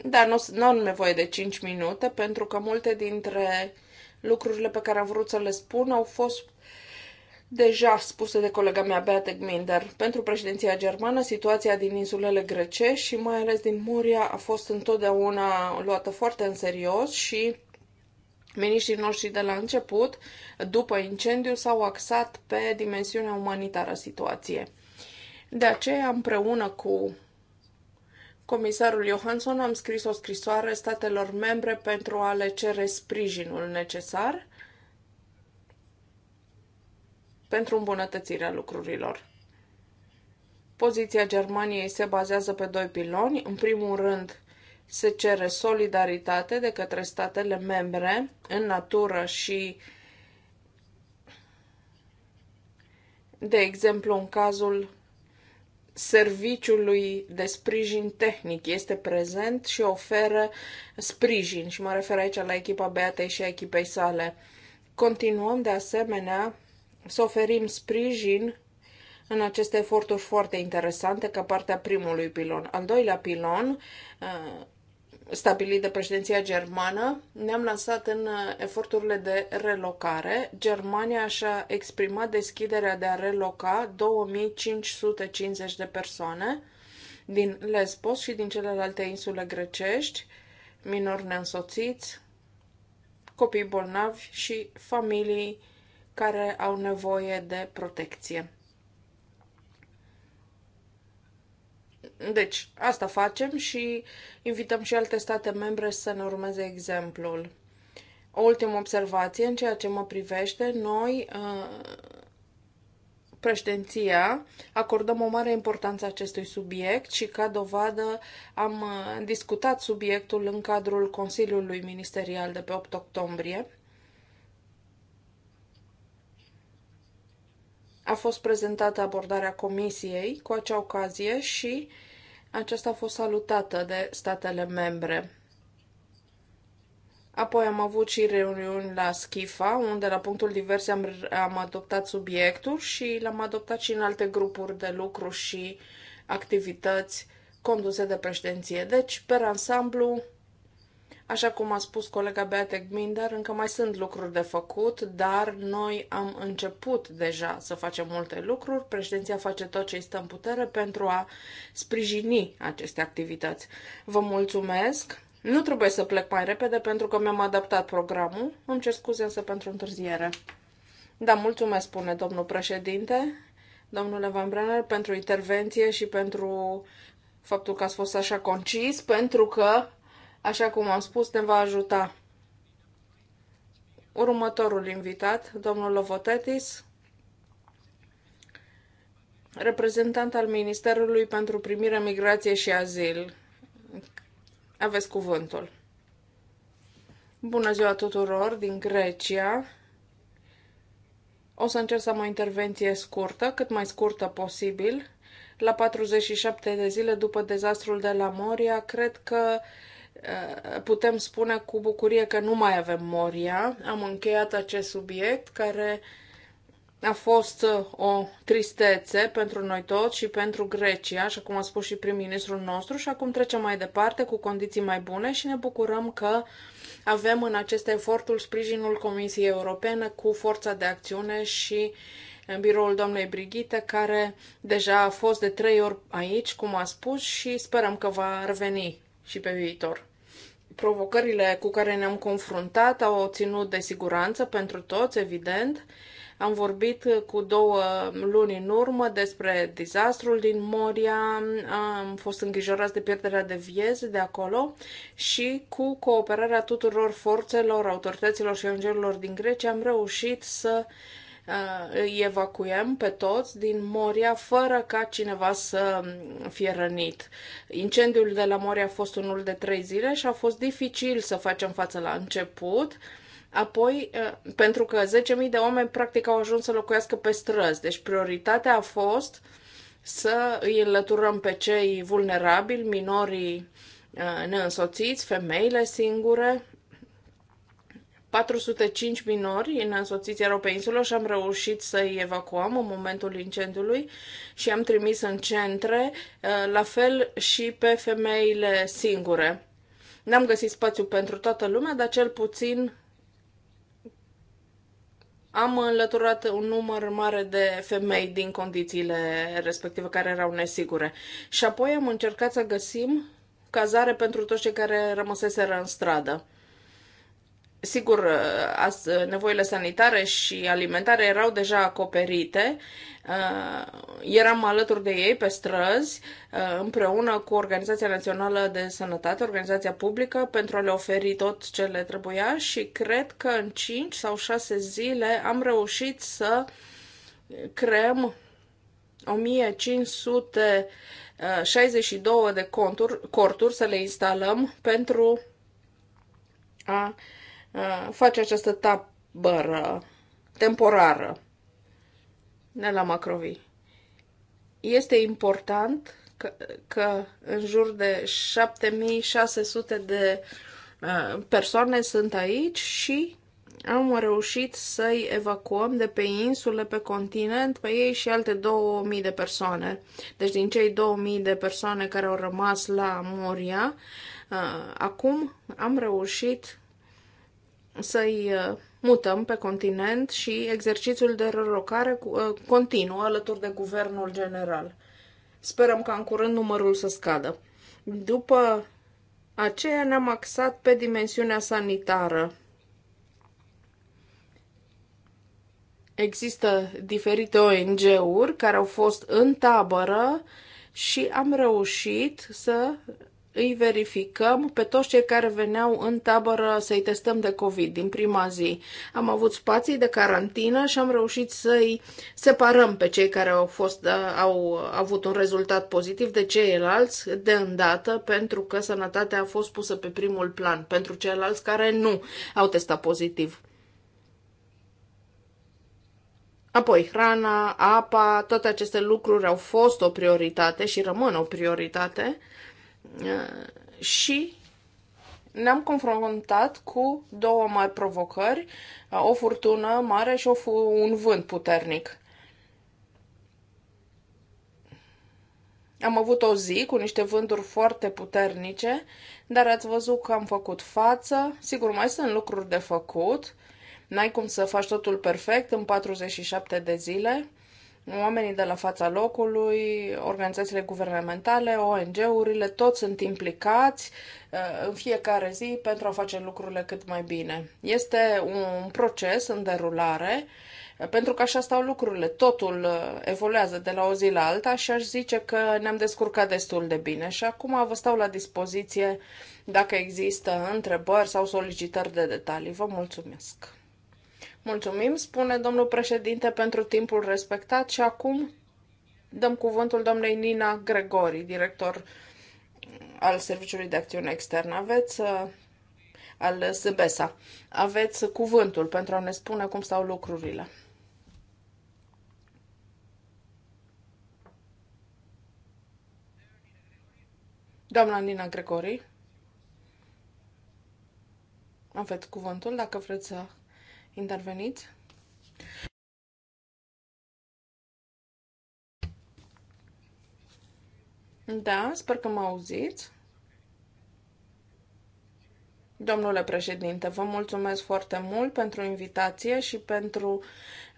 Da, nu, nu am nevoie de 5 minute, pentru că multe dintre lucrurile pe care am vrut să le spun au fost deja spuse de colega mea Beate Gminder. Pentru președinția germană, situația din insulele grecești și mai ales din Muria a fost întotdeauna luată foarte în serios și Miniștrii noștri de la început, după incendiu, s-au axat pe dimensiunea umanitară a situației. De aceea, împreună cu comisarul Johansson am scris o scrisoare statelor membre pentru a le cere sprijinul necesar pentru îmbunătățirea lucrurilor. Poziția Germaniei se bazează pe doi piloni. În primul rând, se cere solidaritate de către statele membre în natură și, de exemplu, în cazul serviciului de sprijin tehnic este prezent și oferă sprijin și mă refer aici la echipa Beatei și a echipei sale. Continuăm de asemenea să oferim sprijin în aceste eforturi foarte interesante ca partea primului pilon. Al doilea pilon uh, stabilit de președinția germană, ne-am lansat în uh, eforturile de relocare. Germania și-a exprimat deschiderea de a reloca 2550 de persoane din Lesbos și din celelalte insule grecești, minori neînsoțiți, copii bolnavi și familii care au nevoie de protecție. Deci, asta facem și invităm și alte state membre să ne urmeze exemplul. O ultimă observație în ceea ce mă privește, noi, uh, președinția, acordăm o mare importanță acestui subiect și, ca dovadă, am uh, discutat subiectul în cadrul Consiliului Ministerial de pe 8 octombrie a fost prezentată abordarea Comisiei cu acea ocazie și aceasta a fost salutată de statele membre. Apoi am avut și reuniuni la Schifa, unde la punctul divers, am, am adoptat subiectul și l-am adoptat și în alte grupuri de lucru și activități conduse de președinție. Deci, pe ansamblu, Așa cum a spus colega Beate Gminder, încă mai sunt lucruri de făcut, dar noi am început deja să facem multe lucruri. Președinția face tot ce stă în putere pentru a sprijini aceste activități. Vă mulțumesc! Nu trebuie să plec mai repede pentru că mi-am adaptat programul. Îmi cer scuze însă pentru întârziere. Da, mulțumesc, spune domnul președinte, domnule Van Brenner, pentru intervenție și pentru faptul că ați fost așa concis, pentru că așa cum am spus, ne va ajuta. Următorul invitat, domnul Lovotetis, reprezentant al Ministerului pentru Primire, Migrație și Azil. Aveți cuvântul. Bună ziua tuturor din Grecia. O să încerc să am o intervenție scurtă, cât mai scurtă posibil. La 47 de zile după dezastrul de la Moria, cred că uh, Eh, putem spune cu bucurie că nu mai avem Moria. Am încheiat acest subiect care a fost eh, o tristețe pentru noi toți și pentru Grecia, așa cum a spus și prim-ministrul nostru, și acum trecem mai departe cu condiții mai bune și ne bucurăm că avem în acest efortul sprijinul Comisiei Europene cu forța de acțiune și în eh, biroul doamnei Brigite, care deja a fost de trei ori aici, cum a spus, și sperăm că va reveni și pe viitor. Provocările cu care ne-am confruntat au ținut de siguranță pentru toți, evident. Am vorbit cu două luni în urmă despre dezastrul din Moria, am fost îngrijorați de pierderea de vieți de acolo și cu cooperarea tuturor forțelor, autorităților și ong din Grecia am reușit să uh, Uh, îi evacuăm pe toți din Moria fără ca cineva să fie rănit. Incendiul de la Moria a fost unul de trei zile și a fost dificil să facem față la început. Apoi, uh, pentru că 10.000 de oameni practic au ajuns să locuiască pe străzi, deci prioritatea a fost să îi înlăturăm pe cei vulnerabili, minorii uh, neînsoțiți, femeile singure, 405 minori în însoțiția erau pe insulă și am reușit să-i evacuăm în momentul incendiului și am trimis în centre, uh, la fel și pe femeile singure. N-am găsit spațiu pentru toată lumea, dar cel puțin am înlăturat un număr mare de femei din condițiile respective care erau nesigure. Și apoi am încercat să găsim cazare pentru toți cei care rămăseseră în stradă. Sigur, uh, uh, nevoile sanitare și alimentare erau deja acoperite. Uh, eram alături de ei pe străzi, împreună cu Organizația Națională de Sănătate, organizația publică, pentru a le oferi tot ce le trebuia și cred că în 5 sau 6 zile am reușit să creăm 1562 de conturi, corturi să le instalăm pentru a Uh, face această tabără temporară de la Macrovi. Este important că, că în jur de 7600 de uh, persoane sunt aici și am reușit să-i evacuăm de pe insule, pe continent, pe ei și alte 2000 de persoane. Deci din cei 2000 de persoane care au rămas la Moria, uh, acum am reușit să-i uh, mutăm pe continent și exercițiul de rărocare uh, continuă alături de guvernul general. Sperăm ca în curând numărul să scadă. După aceea ne-am axat pe dimensiunea sanitară. Există diferite ONG-uri care au fost în tabără și am reușit să îi verificăm pe toți cei care veneau în tabără să-i testăm de COVID din prima zi. Am avut spații de carantină și am reușit să-i separăm pe cei care au, fost, da, au avut un rezultat pozitiv de ceilalți de îndată, pentru că sănătatea a fost pusă pe primul plan pentru ceilalți care nu au testat pozitiv. Apoi, hrana, apa, toate aceste lucruri au fost o prioritate și rămân o prioritate. Eh, și ne-am confruntat cu două mari provocări, eh, o furtună mare și o un vânt puternic. Am avut o zi cu niște vânturi foarte puternice, dar ați văzut că am făcut față. Sigur, mai sunt lucruri de făcut. N-ai cum să faci totul perfect în 47 de zile, Oamenii de la fața locului, organizațiile guvernamentale, ONG-urile, toți sunt implicați uh, în fiecare zi pentru a face lucrurile cât mai bine. Este un proces în derulare uh, pentru că așa stau lucrurile. Totul uh, evoluează de la o zi la alta și aș zice că ne-am descurcat destul de bine. Și acum vă stau la dispoziție dacă există întrebări sau solicitări de detalii. Vă mulțumesc! Mulțumim, spune domnul președinte, pentru timpul respectat și acum dăm cuvântul doamnei Nina Gregori, director al Serviciului de Acțiune Externă. Aveți uh, al SBESA. Aveți cuvântul pentru a ne spune cum stau lucrurile. Doamna Nina Gregori, aveți cuvântul dacă vreți să interveniți. Da, sper că mă auziți. Domnule președinte, vă mulțumesc foarte mult pentru invitație și pentru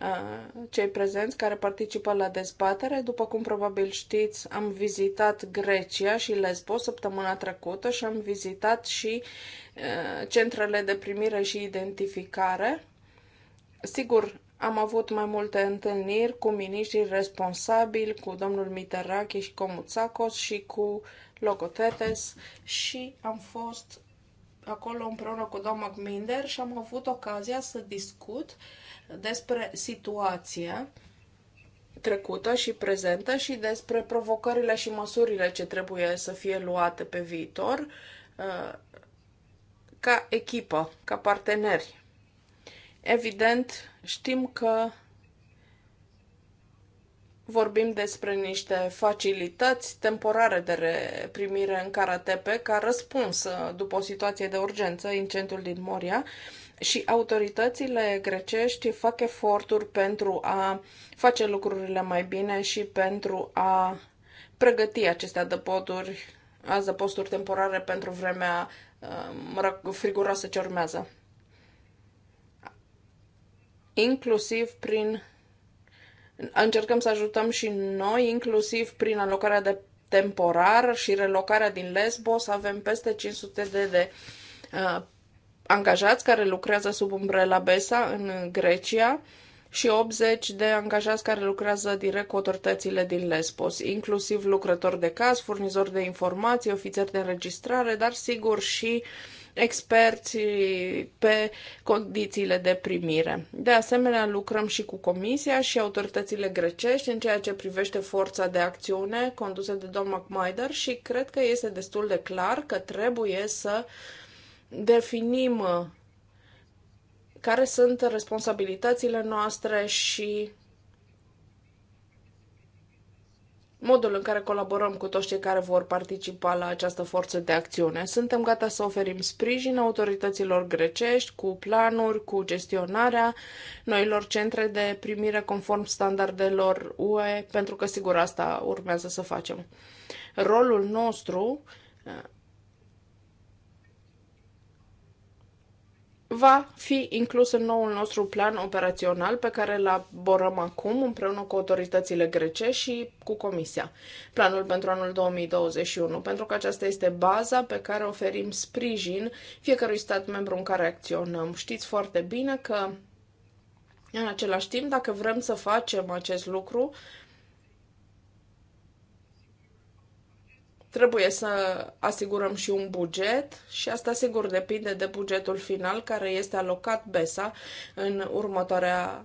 uh, cei prezenți care participă la dezbatere. După cum probabil știți, am vizitat Grecia și Lesbos săptămâna trecută și am vizitat și uh, centrele de primire și identificare Sigur, am avut mai multe întâlniri cu miniștrii responsabili, cu domnul Miterache și Comuțacos și cu Logotetes și am fost acolo împreună cu domnul Gminder și am avut ocazia să discut despre situația trecută și prezentă și despre provocările și măsurile ce trebuie să fie luate pe viitor uh, ca echipă, ca parteneri Evident, știm că vorbim despre niște facilități temporare de primire în Karatepe ca răspuns uh, după o situație de urgență, incendiul din Moria, și autoritățile grecești fac eforturi pentru a face lucrurile mai bine și pentru a pregăti aceste adăpoturi, adăposturi temporare pentru vremea um, friguroasă ce urmează inclusiv prin. Încercăm să ajutăm și noi, inclusiv prin alocarea de temporar și relocarea din Lesbos. Avem peste 500 de, de uh, angajați care lucrează sub umbrela BESA în Grecia și 80 de angajați care lucrează direct cu autoritățile din Lesbos, inclusiv lucrători de caz, furnizori de informații, ofițeri de înregistrare, dar sigur și experți pe condițiile de primire. De asemenea, lucrăm și cu Comisia și autoritățile grecești în ceea ce privește forța de acțiune condusă de domnul McMider și cred că este destul de clar că trebuie să definim care sunt responsabilitățile noastre și modul în care colaborăm cu toți cei care vor participa la această forță de acțiune. Suntem gata să oferim sprijin autorităților grecești cu planuri, cu gestionarea noilor centre de primire conform standardelor UE, pentru că sigur asta urmează să facem. Rolul nostru va fi inclus în noul nostru plan operațional pe care îl aborăm acum împreună cu autoritățile grece și cu Comisia. Planul pentru anul 2021, pentru că aceasta este baza pe care oferim sprijin fiecărui stat membru în care acționăm. Știți foarte bine că în același timp, dacă vrem să facem acest lucru, Trebuie să asigurăm și un buget și asta sigur depinde de bugetul final care este alocat BESA în următoarea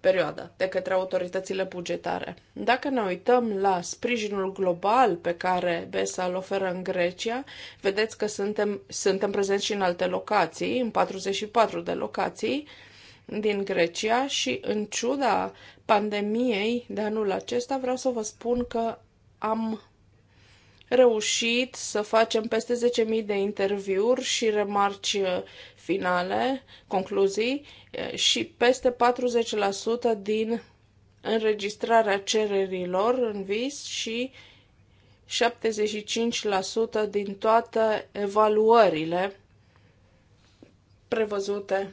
perioadă de către autoritățile bugetare. Dacă ne uităm la sprijinul global pe care BESA îl oferă în Grecia, vedeți că suntem, suntem prezenți și în alte locații, în 44 de locații din Grecia și în ciuda pandemiei de anul acesta vreau să vă spun că am reușit să facem peste 10.000 de interviuri și remarci uh, finale, concluzii uh, și peste 40% din înregistrarea cererilor în vis și 75% din toate evaluările prevăzute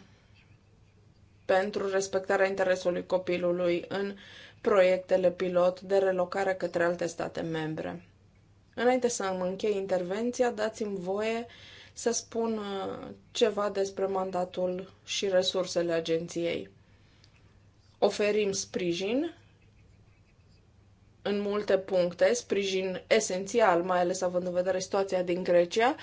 pentru respectarea interesului copilului în proiectele pilot de relocare către alte state membre. Înainte să îmi închei intervenția, dați-mi voie să spun uh, ceva despre mandatul și resursele agenției. Oferim sprijin în multe puncte, sprijin esențial, mai ales având în vedere situația din Grecia,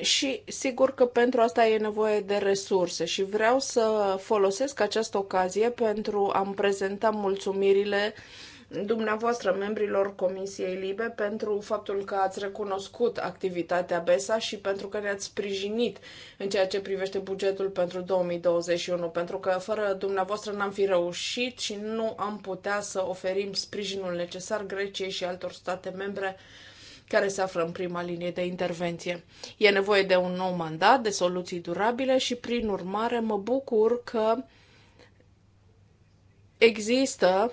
și sigur că pentru asta e nevoie de resurse și vreau să folosesc această ocazie pentru a-mi prezenta mulțumirile dumneavoastră, membrilor Comisiei Libe, pentru faptul că ați recunoscut activitatea BESA și pentru că ne-ați sprijinit în ceea ce privește bugetul pentru 2021, pentru că fără dumneavoastră n-am fi reușit și nu am putea să oferim sprijinul necesar Greciei și altor state membre care se află în prima linie de intervenție. E nevoie de un nou mandat, de soluții durabile și, prin urmare, mă bucur că există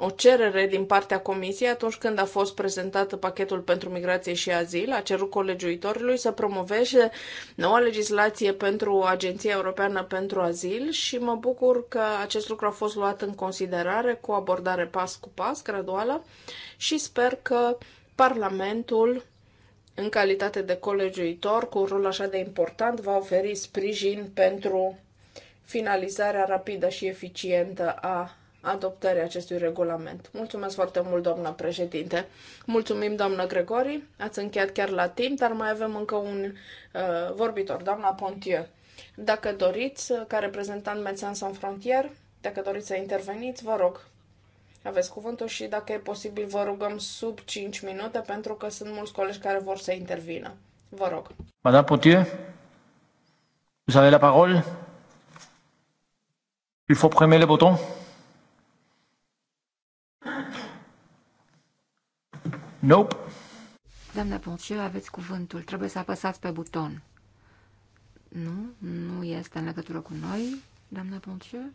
o cerere din partea Comisiei atunci când a fost prezentat pachetul pentru migrație și azil, a cerut colegiuitorului să promoveze noua legislație pentru Agenția Europeană pentru Azil și mă bucur că acest lucru a fost luat în considerare cu abordare pas cu pas, graduală și sper că Parlamentul în calitate de colegiuitor, cu un rol așa de important, va oferi sprijin pentru finalizarea rapidă și eficientă a adoptării acestui regulament. Mulțumesc foarte mult, doamna președinte. Mulțumim, doamna Gregori. Ați încheiat chiar la timp, dar mai avem încă un uh, vorbitor, doamna Pontieu. Dacă doriți, uh, ca reprezentant Médecins Sans Frontier, dacă doriți să interveniți, vă rog, aveți cuvântul și dacă e posibil, vă rugăm sub 5 minute, pentru că sunt mulți colegi care vor să intervină. Vă rog. Madame Pontieu, vous avez la parole. Il faut primer le bouton. Nope. Doamna Ponciu, aveți cuvântul. Trebuie să apăsați pe buton. Nu, nu este în legătură cu noi, doamna Ponciu.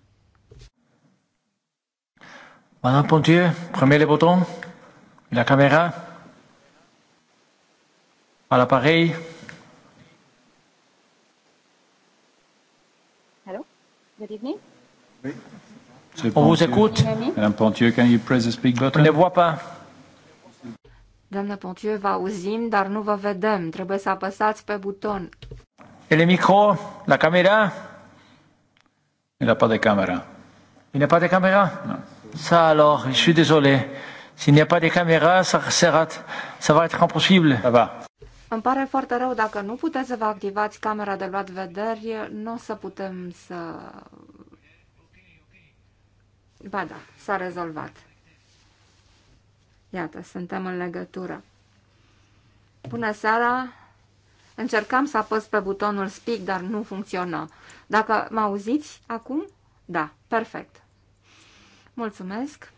Madame Pontieu, prenez le bouton, la caméra, à l'appareil. Hello, good evening. Oui. On vous écoute. Madame Pontieu, can you press the speak button? On ne voit pas. Doamna Pontieu, vă auzim, dar nu vă vedem. Trebuie să apăsați pe buton. El micro, la camera? Il n'a pas de camera. Il n'y a pas de camera? Non. Ça alors, je suis désolé. S'il n'y a pas de camera, ça, sera, ça va être impossible. Ça va. Îmi pare foarte rău, dacă nu puteți să vă activați camera de luat vederi, nu o să putem să... Ba da, s-a rezolvat. Iată, suntem în legătură. Bună seara! Încercam să apăs pe butonul speak, dar nu funcționa. Dacă mă auziți acum? Da, perfect. Mulțumesc!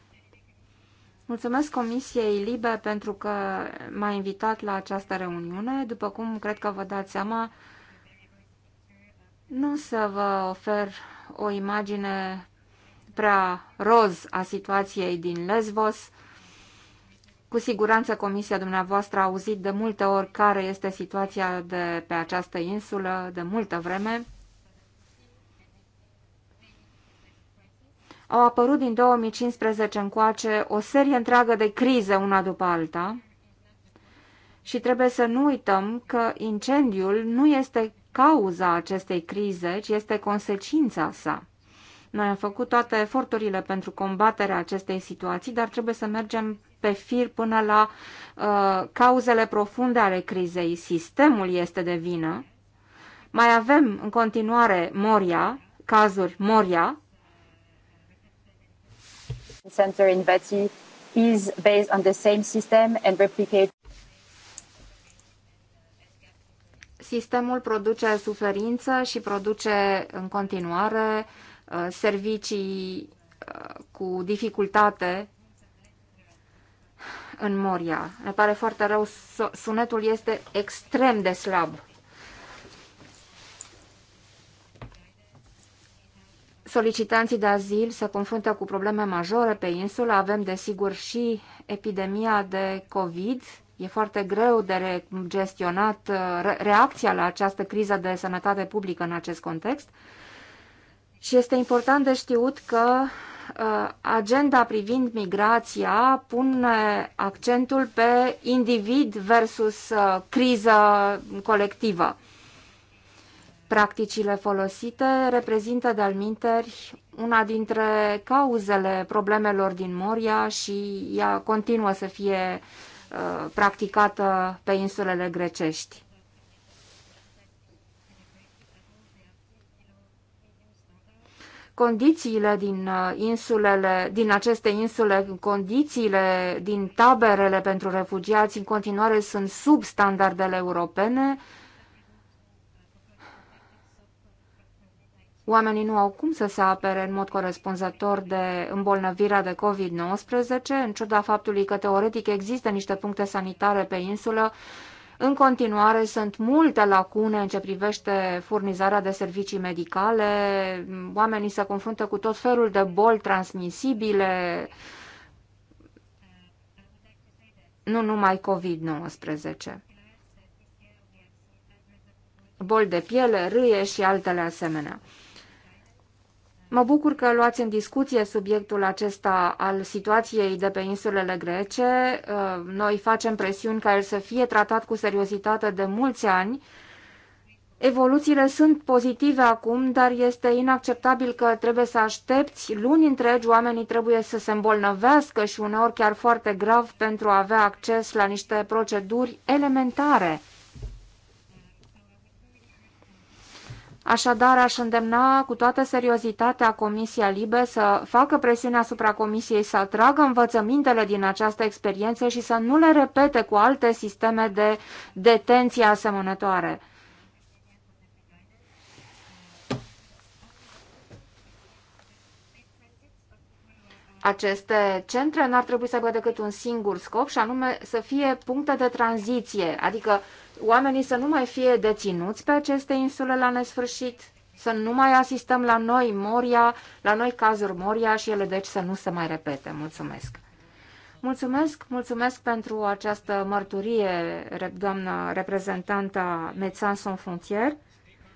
Mulțumesc Comisiei Libe pentru că m-a invitat la această reuniune. După cum cred că vă dați seama, nu să vă ofer o imagine prea roz a situației din Lesbos, cu siguranță comisia dumneavoastră a auzit de multe ori care este situația de pe această insulă de multă vreme. Au apărut din 2015 încoace o serie întreagă de crize una după alta și trebuie să nu uităm că incendiul nu este cauza acestei crize, ci este consecința sa. Noi am făcut toate eforturile pentru combaterea acestei situații, dar trebuie să mergem pe fir până la uh, cauzele profunde ale crizei. Sistemul este de vină. Mai avem în continuare Moria, cazuri Moria. Center in Bati is based on the same system and replicate Sistemul produce suferință și produce în continuare uh, servicii uh, cu dificultate în Moria. Ne pare foarte rău, sunetul este extrem de slab. Solicitanții de azil se confruntă cu probleme majore pe insulă. Avem, desigur, și epidemia de COVID. E foarte greu de gestionat uh, reacția la această criză de sănătate publică în acest context. Și este important de știut că Uh, agenda privind migrația pune accentul pe individ versus uh, criză colectivă. Practicile folosite reprezintă de-al una dintre cauzele problemelor din Moria și ea continuă să fie uh, practicată pe insulele grecești. Condițiile din uh, insulele, din aceste insule, condițiile din taberele pentru refugiați în continuare sunt sub standardele europene. Oamenii nu au cum să se apere în mod corespunzător de îmbolnăvirea de COVID-19, în ciuda faptului că teoretic există niște puncte sanitare pe insulă, în continuare, sunt multe lacune în ce privește furnizarea de servicii medicale, oamenii se confruntă cu tot felul de boli transmisibile, nu numai COVID-19. Boli de piele, râie și altele asemenea. Mă bucur că luați în discuție subiectul acesta al situației de pe insulele grece. Uh, noi facem presiuni ca el să fie tratat cu seriozitate de mulți ani. Evoluțiile sunt pozitive acum, dar este inacceptabil că trebuie să aștepți luni întregi, oamenii trebuie să se îmbolnăvească și uneori chiar foarte grav pentru a avea acces la niște proceduri elementare Așadar, aș îndemna cu toată seriozitatea Comisia Libe să facă presiune asupra Comisiei să atragă învățămintele din această experiență și să nu le repete cu alte sisteme de detenție asemănătoare. Aceste centre n-ar trebui să aibă decât un singur scop și anume să fie puncte de tranziție, adică oamenii să nu mai fie deținuți pe aceste insule la nesfârșit, să nu mai asistăm la noi Moria, la noi cazuri Moria și ele deci să nu se mai repete. Mulțumesc! Mulțumesc, mulțumesc pentru această mărturie, doamna reprezentanta Médecins Sans Frontières.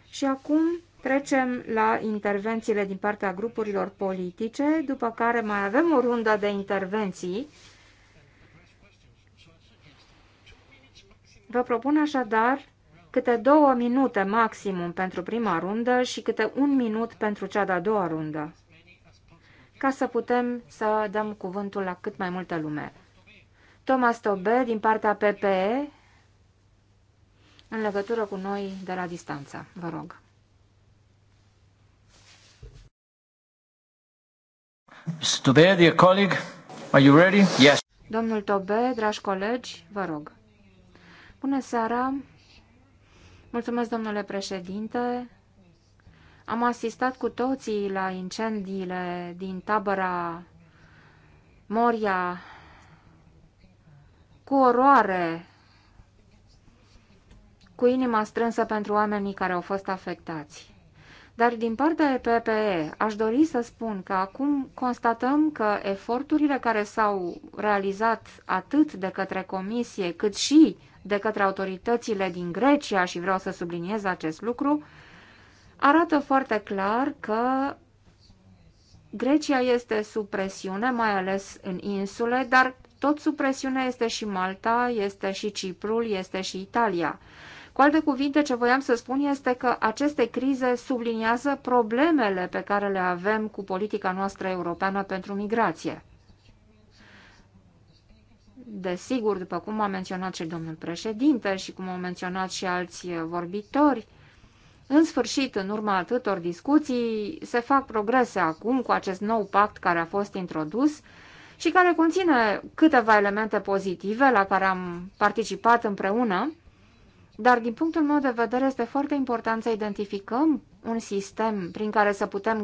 Și acum trecem la intervențiile din partea grupurilor politice, după care mai avem o rundă de intervenții Vă propun așadar câte două minute maximum pentru prima rundă și câte un minut pentru cea de-a doua rundă, ca să putem să dăm cuvântul la cât mai multă lume. Thomas Tobe, din partea PPE, în legătură cu noi de la distanță. Vă rog. Tobe, dear colleague, are you ready? Yes. Domnul Tobe, dragi colegi, vă rog. Bună seara! Mulțumesc, domnule președinte! Am asistat cu toții la incendiile din tabăra Moria cu oroare, cu inima strânsă pentru oamenii care au fost afectați. Dar din partea EPPE, aș dori să spun că acum constatăm că eforturile care s-au realizat atât de către comisie cât și de către autoritățile din Grecia, și vreau să subliniez acest lucru, arată foarte clar că Grecia este sub presiune, mai ales în insule, dar tot sub presiune este și Malta, este și Ciprul, este și Italia. Cu alte cuvinte, ce voiam să spun este că aceste crize subliniază problemele pe care le avem cu politica noastră europeană pentru migrație. Desigur, după cum a menționat și domnul președinte și cum au menționat și alți vorbitori, în sfârșit, în urma atâtor discuții, se fac progrese acum cu acest nou pact care a fost introdus și care conține câteva elemente pozitive la care am participat împreună, dar din punctul meu de vedere este foarte important să identificăm un sistem prin care să putem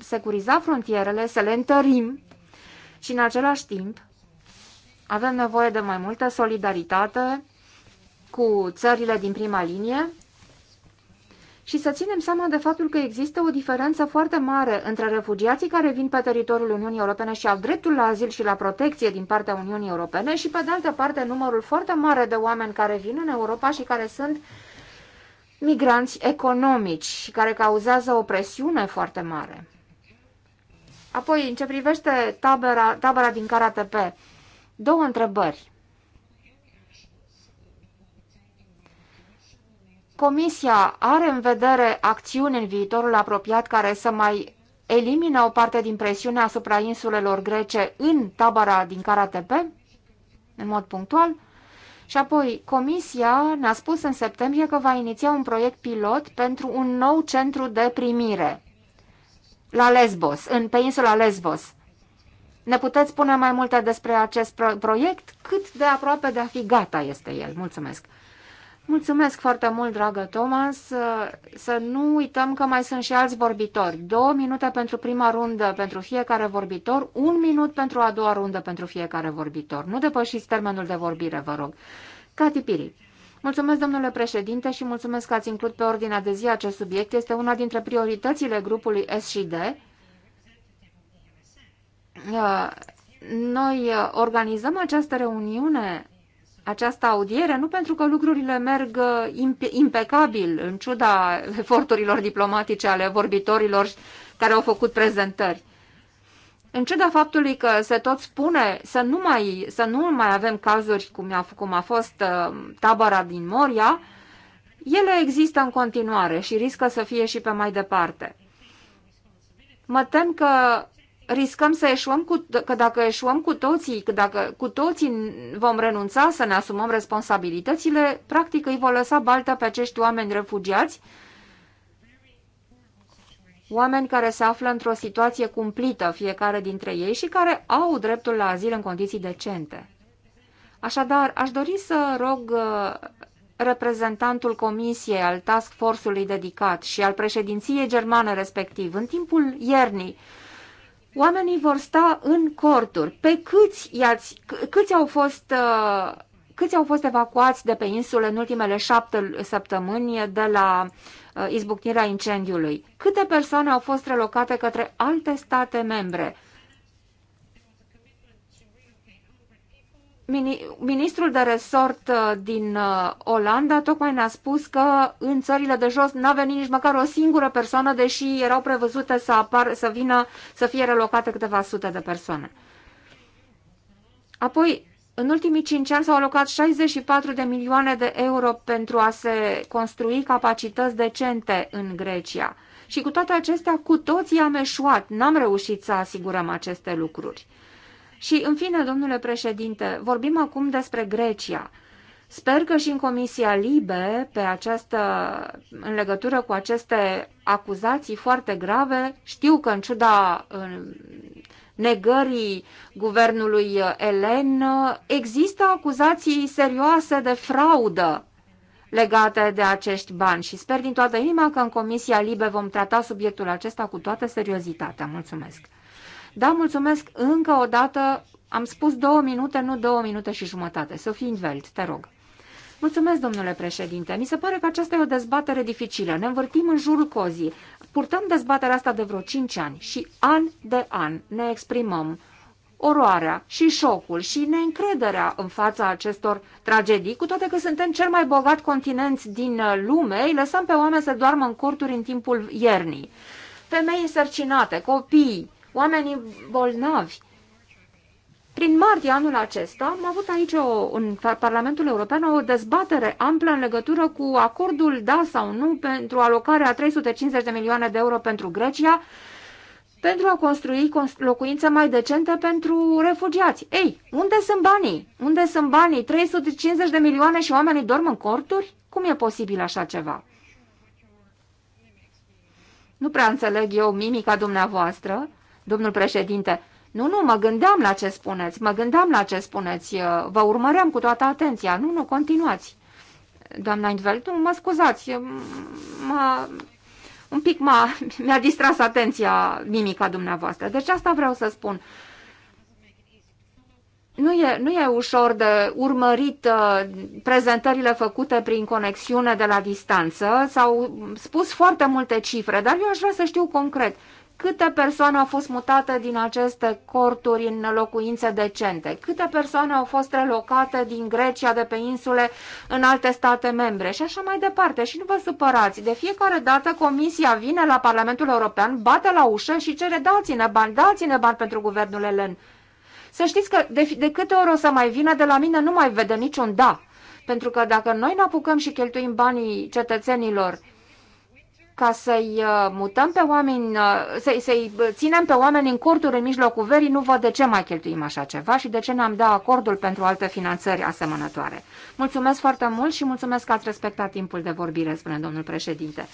securiza frontierele, să le întărim și în același timp avem nevoie de mai multă solidaritate cu țările din prima linie și să ținem seama de faptul că există o diferență foarte mare între refugiații care vin pe teritoriul Uniunii Europene și au dreptul la azil și la protecție din partea Uniunii Europene și, pe de altă parte, numărul foarte mare de oameni care vin în Europa și care sunt migranți economici și care cauzează o presiune foarte mare. Apoi, în ce privește tabera, tabera din Karatepe, Două întrebări. Comisia are în vedere acțiuni în viitorul apropiat care să mai elimine o parte din presiunea asupra insulelor grece în tabăra din Karatepe, în mod punctual, și apoi Comisia ne-a spus în septembrie că va iniția un proiect pilot pentru un nou centru de primire la Lesbos, în, pe insula Lesbos. Ne puteți spune mai multe despre acest proiect? Cât de aproape de a fi gata este el? Mulțumesc! Mulțumesc foarte mult, dragă Thomas. Să nu uităm că mai sunt și alți vorbitori. Două minute pentru prima rundă pentru fiecare vorbitor, un minut pentru a doua rundă pentru fiecare vorbitor. Nu depășiți termenul de vorbire, vă rog. Cati Piri. Mulțumesc, domnule președinte, și mulțumesc că ați includ pe ordinea de zi acest subiect. Este una dintre prioritățile grupului S și D Uh, noi uh, organizăm această reuniune, această audiere, nu pentru că lucrurile merg uh, impecabil, în ciuda eforturilor diplomatice ale vorbitorilor care au făcut prezentări. În ciuda faptului că se tot spune să nu mai, să nu mai avem cazuri cum a, cum a fost tabara tabăra din Moria, ele există în continuare și riscă să fie și pe mai departe. Mă tem că riscăm să eșuăm cu, că dacă eșuăm cu toții, că dacă cu toții vom renunța să ne asumăm responsabilitățile, practic îi vor lăsa baltă pe acești oameni refugiați, oameni care se află într-o situație cumplită fiecare dintre ei și care au dreptul la azil în condiții decente. Așadar, aș dori să rog uh, reprezentantul comisiei al task force-ului dedicat și al președinției germane respectiv, în timpul iernii, oamenii vor sta în corturi. Pe câți, i-ați, câți au fost... Uh, câți au fost evacuați de pe insulă în ultimele șapte săptămâni de la uh, izbucnirea incendiului? Câte persoane au fost relocate către alte state membre? Ministrul de resort uh, din uh, Olanda tocmai ne-a spus că în țările de jos n-a venit nici măcar o singură persoană, deși erau prevăzute să, apar, să vină, să fie relocate câteva sute de persoane. Apoi, în ultimii cinci ani s-au alocat 64 de milioane de euro pentru a se construi capacități decente în Grecia. Și cu toate acestea, cu toții am eșuat, n-am reușit să asigurăm aceste lucruri. Și, în fine, domnule președinte, vorbim acum despre Grecia. Sper că și în Comisia Libe, pe această, în legătură cu aceste acuzații foarte grave, știu că în ciuda negării guvernului Elen, există acuzații serioase de fraudă legate de acești bani și sper din toată inima că în Comisia Libe vom trata subiectul acesta cu toată seriozitatea. Mulțumesc! Da, mulțumesc încă o dată. Am spus două minute, nu două minute și jumătate. Să fii învelt, te rog. Mulțumesc, domnule președinte. Mi se pare că aceasta e o dezbatere dificilă. Ne învârtim în jurul cozii. Purtăm dezbaterea asta de vreo 5 ani și an de an ne exprimăm oroarea și șocul și neîncrederea în fața acestor tragedii, cu toate că suntem cel mai bogat continent din lume, îi lăsăm pe oameni să doarmă în corturi în timpul iernii. Femei însărcinate, copii, oamenii bolnavi. Prin martie anul acesta am avut aici o, în Parlamentul European o dezbatere amplă în legătură cu acordul da sau nu pentru alocarea 350 de milioane de euro pentru Grecia pentru a construi locuințe mai decente pentru refugiați. Ei, unde sunt banii? Unde sunt banii? 350 de milioane și oamenii dorm în corturi? Cum e posibil așa ceva? Nu prea înțeleg eu mimica dumneavoastră, Domnul președinte, nu, nu, mă gândeam la ce spuneți, mă gândeam la ce spuneți, vă urmăream cu toată atenția, nu, nu, continuați. Doamna Indveld, mă scuzați, mă, un pic mi-a distras atenția mimica dumneavoastră, deci asta vreau să spun. Nu e, nu e ușor de urmărit uh, prezentările făcute prin conexiune de la distanță. S-au spus foarte multe cifre, dar eu aș vrea să știu concret. Câte persoane au fost mutate din aceste corturi în locuințe decente? Câte persoane au fost relocate din Grecia, de pe insule, în alte state membre? Și așa mai departe. Și nu vă supărați. De fiecare dată Comisia vine la Parlamentul European, bate la ușă și cere dați-ne bani, dați-ne bani pentru guvernul elen. Să știți că de, de câte ori o să mai vină de la mine, nu mai vede niciun da. Pentru că dacă noi ne apucăm și cheltuim banii cetățenilor ca să-i uh, mutăm pe oameni, uh, să-i, să uh, ținem pe oameni în corturi în mijlocul verii, nu văd de ce mai cheltuim așa ceva și de ce ne-am dat acordul pentru alte finanțări asemănătoare. Mulțumesc foarte mult și mulțumesc că ați respectat timpul de vorbire, spune domnul președinte.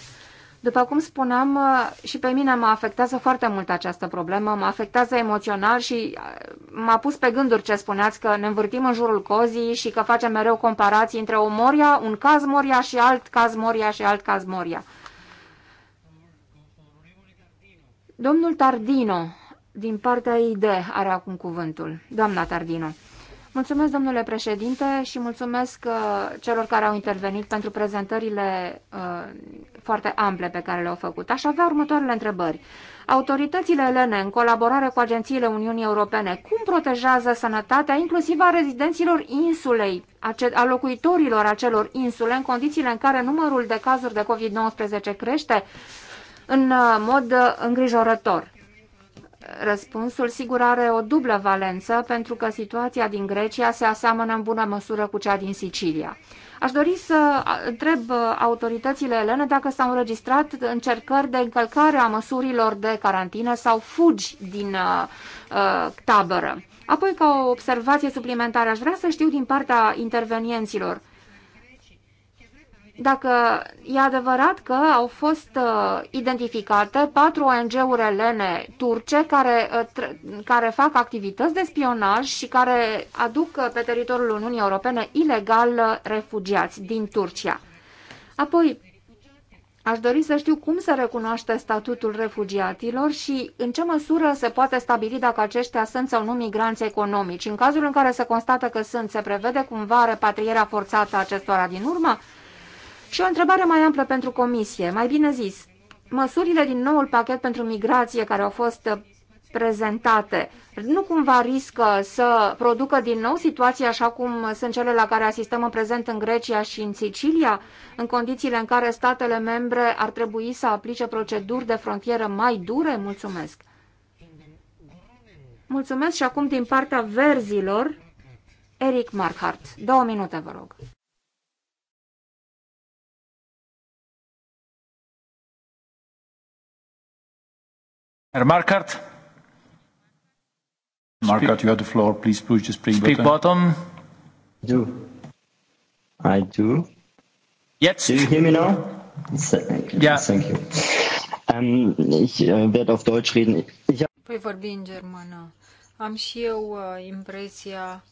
După cum spuneam, și pe mine mă afectează foarte mult această problemă, mă afectează emoțional și m-a pus pe gânduri ce spuneați, că ne învârtim în jurul cozii și că facem mereu comparații între o Moria, un caz Moria și alt caz Moria și alt caz Moria. Domnul Tardino, din partea ID, are acum cuvântul. Doamna Tardino. Mulțumesc, domnule președinte, și mulțumesc uh, celor care au intervenit pentru prezentările uh, foarte ample pe care le-au făcut. Aș avea următoarele întrebări. Autoritățile elene, în colaborare cu agențiile Uniunii Europene, cum protejează sănătatea inclusiv a rezidenților insulei, a locuitorilor acelor insule, în condițiile în care numărul de cazuri de COVID-19 crește? în uh, mod uh, îngrijorător. Răspunsul sigur are o dublă valență pentru că situația din Grecia se aseamănă în bună măsură cu cea din Sicilia. Aș dori să uh, întreb autoritățile elene dacă s-au înregistrat încercări de încălcare a măsurilor de carantină sau fugi din uh, tabără. Apoi, ca o observație suplimentară, aș vrea să știu din partea intervenienților dacă e adevărat că au fost uh, identificate patru ONG-uri elene turce care, uh, care fac activități de spionaj și care aduc uh, pe teritoriul Uniunii Europene ilegal uh, refugiați din Turcia. Apoi, aș dori să știu cum se recunoaște statutul refugiatilor și în ce măsură se poate stabili dacă aceștia sunt sau nu migranți economici. În cazul în care se constată că sunt, se prevede cumva repatrierea forțată a acestora din urmă? Și o întrebare mai amplă pentru comisie, mai bine zis, măsurile din noul pachet pentru migrație care au fost prezentate, nu cumva riscă să producă din nou situații așa cum sunt cele la care asistăm în prezent în Grecia și în Sicilia, în condițiile în care statele membre ar trebui să aplice proceduri de frontieră mai dure? Mulțumesc! Mulțumesc și acum din partea verzilor, Eric Markhart. Două minute, vă rog. Herr Markert, you have the floor. Please push the speak, speak button. Do. I do. Jetzt. Do you hear me now? Ja. Uh, thank you. Um, ich uh, äh, werde auf Deutsch reden. Ich Voi vorbi în germană. Am și eu uh, impresia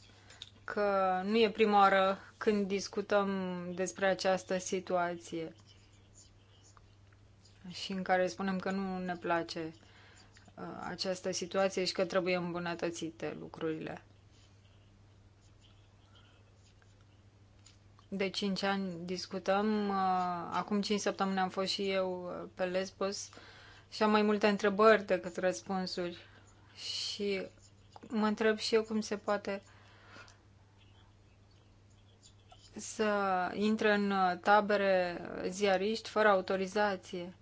că nu e prima oară când discutăm despre această situație și în care spunem că nu ne place Uh, această situație și că trebuie îmbunătățite lucrurile. De 5 ani discutăm, uh, acum 5 săptămâni am fost și eu uh, pe Lesbos și am mai multe întrebări decât răspunsuri. Și mă întreb și eu cum se poate să intre în tabere ziariști fără autorizație.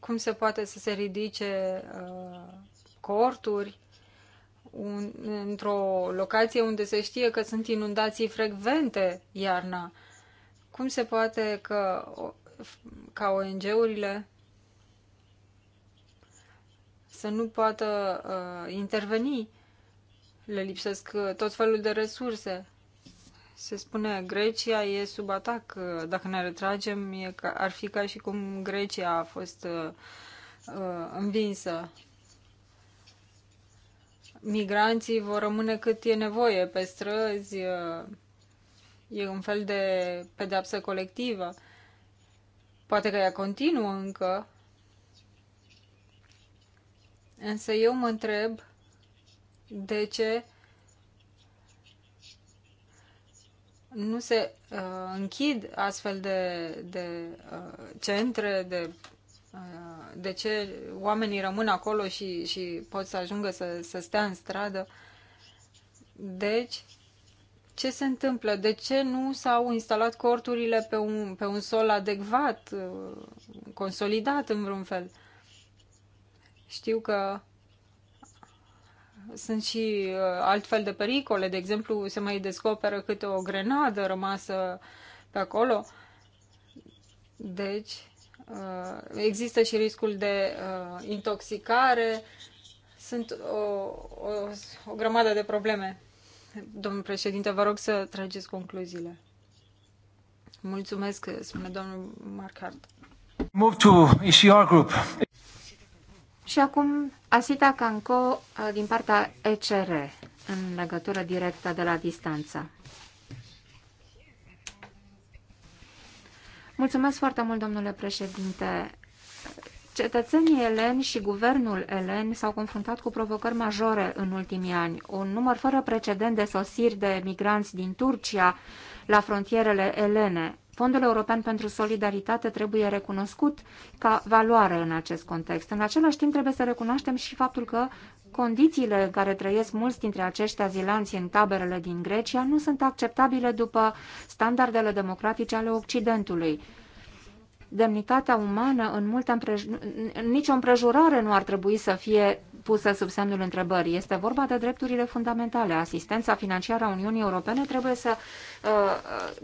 cum se poate să se ridice uh, corturi un, într-o locație unde se știe că sunt inundații frecvente iarna. Cum se poate că, ca ONG-urile să nu poată uh, interveni? Le lipsesc uh, tot felul de resurse. Se spune Grecia e sub atac. Dacă ne retragem, e ca, ar fi ca și cum Grecia a fost uh, învinsă. Migranții vor rămâne cât e nevoie pe străzi. Uh, e un fel de pedeapsă colectivă. Poate că ea continuă încă. Însă eu mă întreb de ce nu se uh, închid astfel de, de uh, centre, de, uh, de ce oamenii rămân acolo și, și pot să ajungă să, să stea în stradă. Deci, ce se întâmplă? De ce nu s-au instalat corturile pe un, pe un sol adecvat, uh, consolidat în vreun fel? Știu că sunt și uh, altfel de pericole. De exemplu, se mai descoperă câte o grenadă rămasă pe acolo. Deci, uh, există și riscul de uh, intoxicare. Sunt o, o, o grămadă de probleme. Domnul președinte, vă rog să trageți concluziile. Mulțumesc, spune domnul Marcard. Move to ECR Group. Și acum Asita Canco uh, din partea ECR în legătură directă de la distanță. Mulțumesc foarte mult, domnule președinte. Cetățenii eleni și guvernul elen s-au confruntat cu provocări majore în ultimii ani. Un număr fără precedent de sosiri de migranți din Turcia la frontierele elene, Fondul European pentru Solidaritate trebuie recunoscut ca valoare în acest context. În același timp trebuie să recunoaștem și faptul că condițiile în care trăiesc mulți dintre acești azilanți în taberele din Grecia nu sunt acceptabile după standardele democratice ale Occidentului demnitatea umană în multe împrej... în nicio împrejurare nu ar trebui să fie pusă sub semnul întrebării. Este vorba de drepturile fundamentale. Asistența financiară a Uniunii Europene trebuie să uh,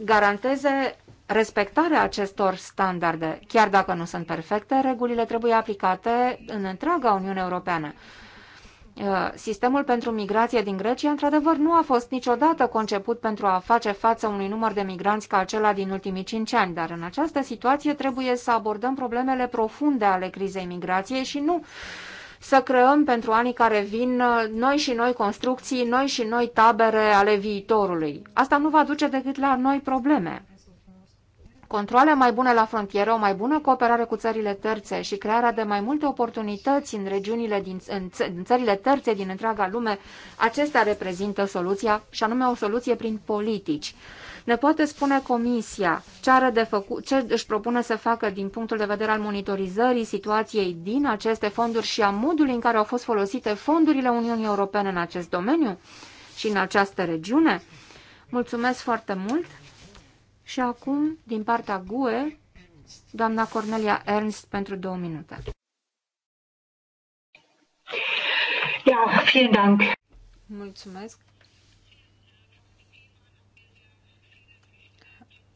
garanteze respectarea acestor standarde. Chiar dacă nu sunt perfecte, regulile trebuie aplicate în întreaga Uniune Europeană. Uh, sistemul pentru migrație din Grecia, într-adevăr, nu a fost niciodată conceput pentru a face față unui număr de migranți ca acela din ultimii cinci ani, dar în această situație trebuie să abordăm problemele profunde ale crizei migrației și nu să creăm pentru anii care vin uh, noi și noi construcții, noi și noi tabere ale viitorului. Asta nu va duce decât la noi probleme. Controle mai bune la frontieră, o mai bună cooperare cu țările terțe și crearea de mai multe oportunități în regiunile din în, în țările terțe din întreaga lume, acestea reprezintă soluția și anume o soluție prin politici. Ne poate spune Comisia ce, are de făcut, ce își propune să facă din punctul de vedere al monitorizării situației din aceste fonduri și a modului în care au fost folosite fondurile Uniunii Europene în acest domeniu și în această regiune? Mulțumesc foarte mult! Și acum, din partea GUE, doamna Cornelia Ernst pentru două minute. Ja, vielen Dank. Mulțumesc.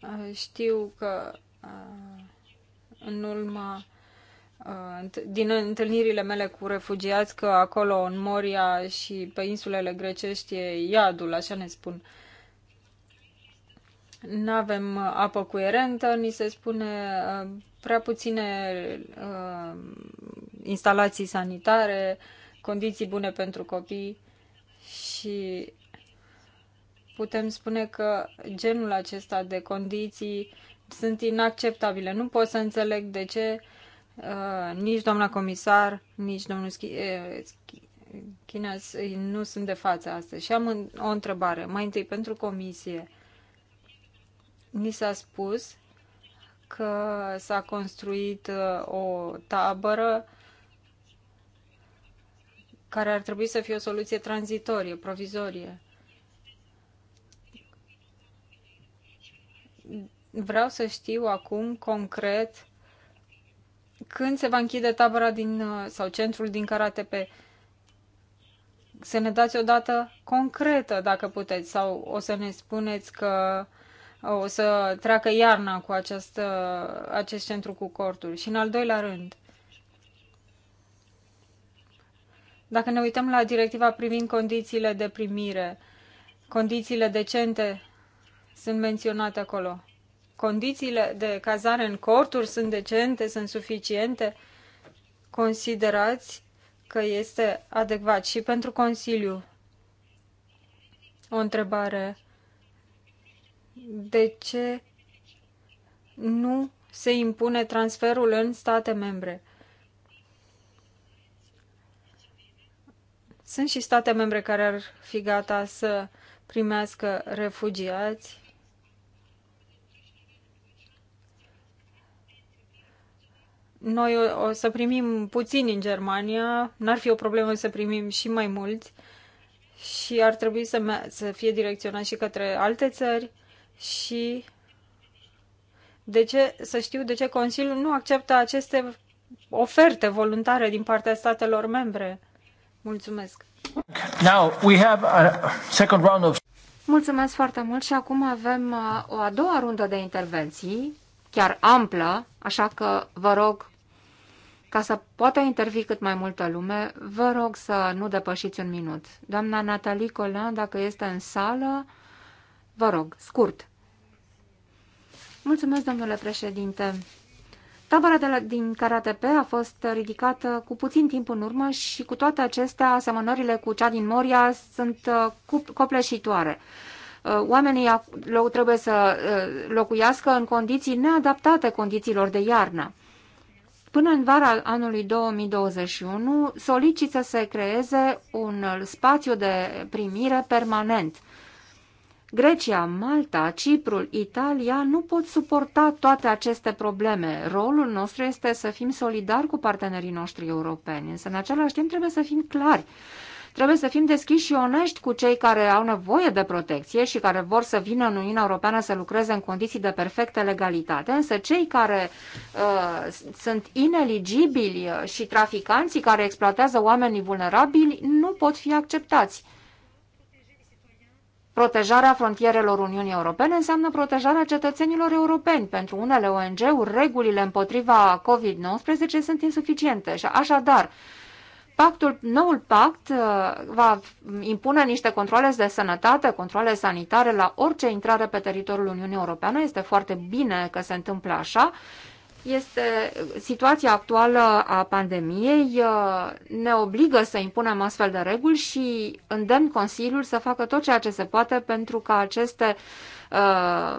Uh, știu că uh, în urma uh, din întâlnirile mele cu refugiați că acolo în Moria și pe insulele grecești e iadul, așa ne spun. Nu avem apă cuerentă, ni se spune prea puține instalații sanitare, condiții bune pentru copii și putem spune că genul acesta de condiții sunt inacceptabile. Nu pot să înțeleg de ce uh, nici doamna comisar, nici domnul Schi- eh, China nu sunt de față astăzi. Și am o întrebare, mai întâi pentru comisie. Ni s-a spus că s-a construit uh, o tabără care ar trebui să fie o soluție tranzitorie, provizorie. vreau să știu acum concret când se va închide tabăra din, uh, sau centrul din pe Să ne dați o dată concretă, dacă puteți, sau o să ne spuneți că uh, o să treacă iarna cu acest, uh, acest centru cu corturi. Și în al doilea rând, dacă ne uităm la directiva privind condițiile de primire, condițiile decente sunt menționate acolo. Condițiile de cazare în corturi sunt decente, sunt suficiente? Considerați că este adecvat și pentru Consiliu? O întrebare. De ce nu se impune transferul în state membre? Sunt și state membre care ar fi gata să primească refugiați noi o să primim puțin în Germania, n-ar fi o problemă să primim și mai mulți și ar trebui să, să fie direcționat și către alte țări și de ce, să știu de ce Consiliul nu acceptă aceste oferte voluntare din partea statelor membre. Mulțumesc. Now we have a second round of... Mulțumesc foarte mult și acum avem uh, o a doua rundă de intervenții, chiar amplă, așa că vă rog ca să poată intervi cât mai multă lume, vă rog să nu depășiți un minut. Doamna Natalie Colin, dacă este în sală, vă rog, scurt. Mulțumesc, domnule președinte. Tabăra de la, din Karatepe a fost ridicată cu puțin timp în urmă și cu toate acestea, asemănările cu cea din Moria sunt uh, copleșitoare. Uh, oamenii trebuie să uh, locuiască în condiții neadaptate condițiilor de iarnă. Până în vara anului 2021 solicită să se creeze un spațiu de primire permanent. Grecia, Malta, Ciprul, Italia nu pot suporta toate aceste probleme. Rolul nostru este să fim solidari cu partenerii noștri europeni, însă în același timp trebuie să fim clari Trebuie să fim deschiși și onești cu cei care au nevoie de protecție și care vor să vină în Uniunea Europeană să lucreze în condiții de perfectă legalitate, însă cei care uh, sunt ineligibili și traficanții care exploatează oamenii vulnerabili nu pot fi acceptați. Protejarea frontierelor Uniunii Europene înseamnă protejarea cetățenilor europeni. Pentru unele ONG-uri, regulile împotriva COVID-19 sunt insuficiente așadar, Pactul, noul pact uh, va impune niște controle de sănătate, controle sanitare la orice intrare pe teritoriul Uniunii Europeană. Este foarte bine că se întâmplă așa. Este situația actuală a pandemiei uh, ne obligă să impunem astfel de reguli și îndemn Consiliul să facă tot ceea ce se poate pentru ca aceste uh, Uh,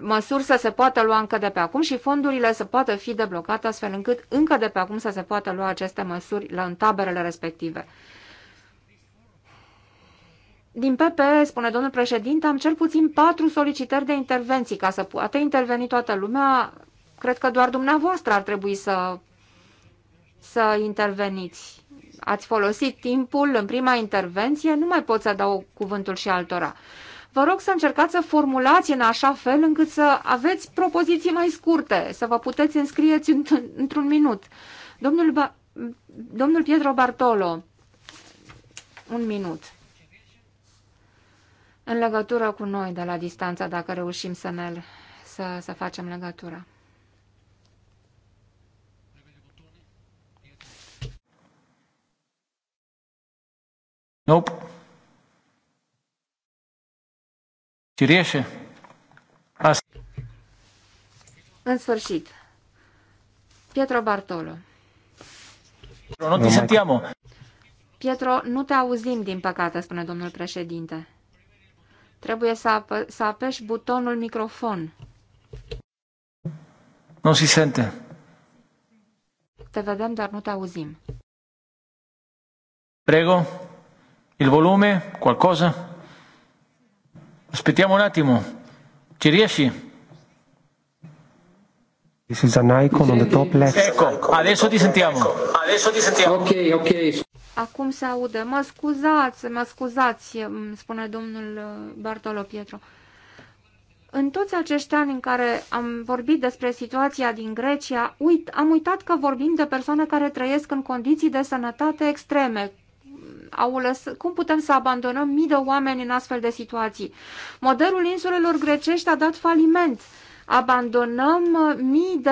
măsuri să se poată lua încă de pe acum și fondurile să poată fi deblocate astfel încât încă de pe acum să se poată lua aceste măsuri la, în taberele respective. Din PP, spune domnul președinte, am cel puțin patru solicitări de intervenții ca să poată interveni toată lumea. Cred că doar dumneavoastră ar trebui să, să interveniți. Ați folosit timpul în prima intervenție, nu mai pot să dau cuvântul și altora vă rog să încercați să formulați în așa fel încât să aveți propoziții mai scurte, să vă puteți înscrieți într-un minut. Domnul, ba Domnul Pietro Bartolo, un minut. În legătură cu noi de la distanță, dacă reușim să ne să, să facem legătura. Nope. Cireșe. În sfârșit, Pietro Bartolo. Pietro, nu te sentiamo. Pietro, nu te auzim, din păcate, spune domnul președinte. Trebuie să, ap- să apeși butonul microfon. Nu se sente. Te vedem, dar nu te auzim. Prego, il volume, qualcosa? Aspettiamo un attimo. Ci riesci? This is an icon on the top left. Ecco, adesso ti sentiamo. Adesso ti sentiamo. Ok, ok. Acum se aude. Mă scuzați, mă scuzați, spune domnul uh, Bartolo Pietro. În toți acești ani în care am vorbit despre situația din Grecia, uit, am uitat că vorbim de persoane care trăiesc în condiții de sănătate extreme, au lăs, cum putem să abandonăm mii de oameni în astfel de situații? Modelul insulelor grecești a dat faliment. Abandonăm uh, mii de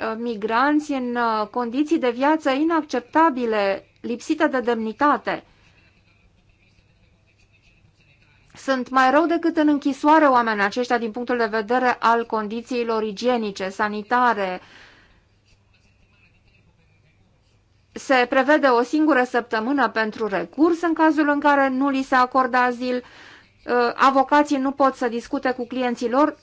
uh, migranți în uh, condiții de viață inacceptabile, lipsite de demnitate. Sunt mai rău decât în închisoare oamenii aceștia din punctul de vedere al condițiilor igienice, sanitare, uh, se prevede o singură săptămână pentru recurs în cazul în care nu li se acordă azil, uh, avocații nu pot să discute cu clienții lor.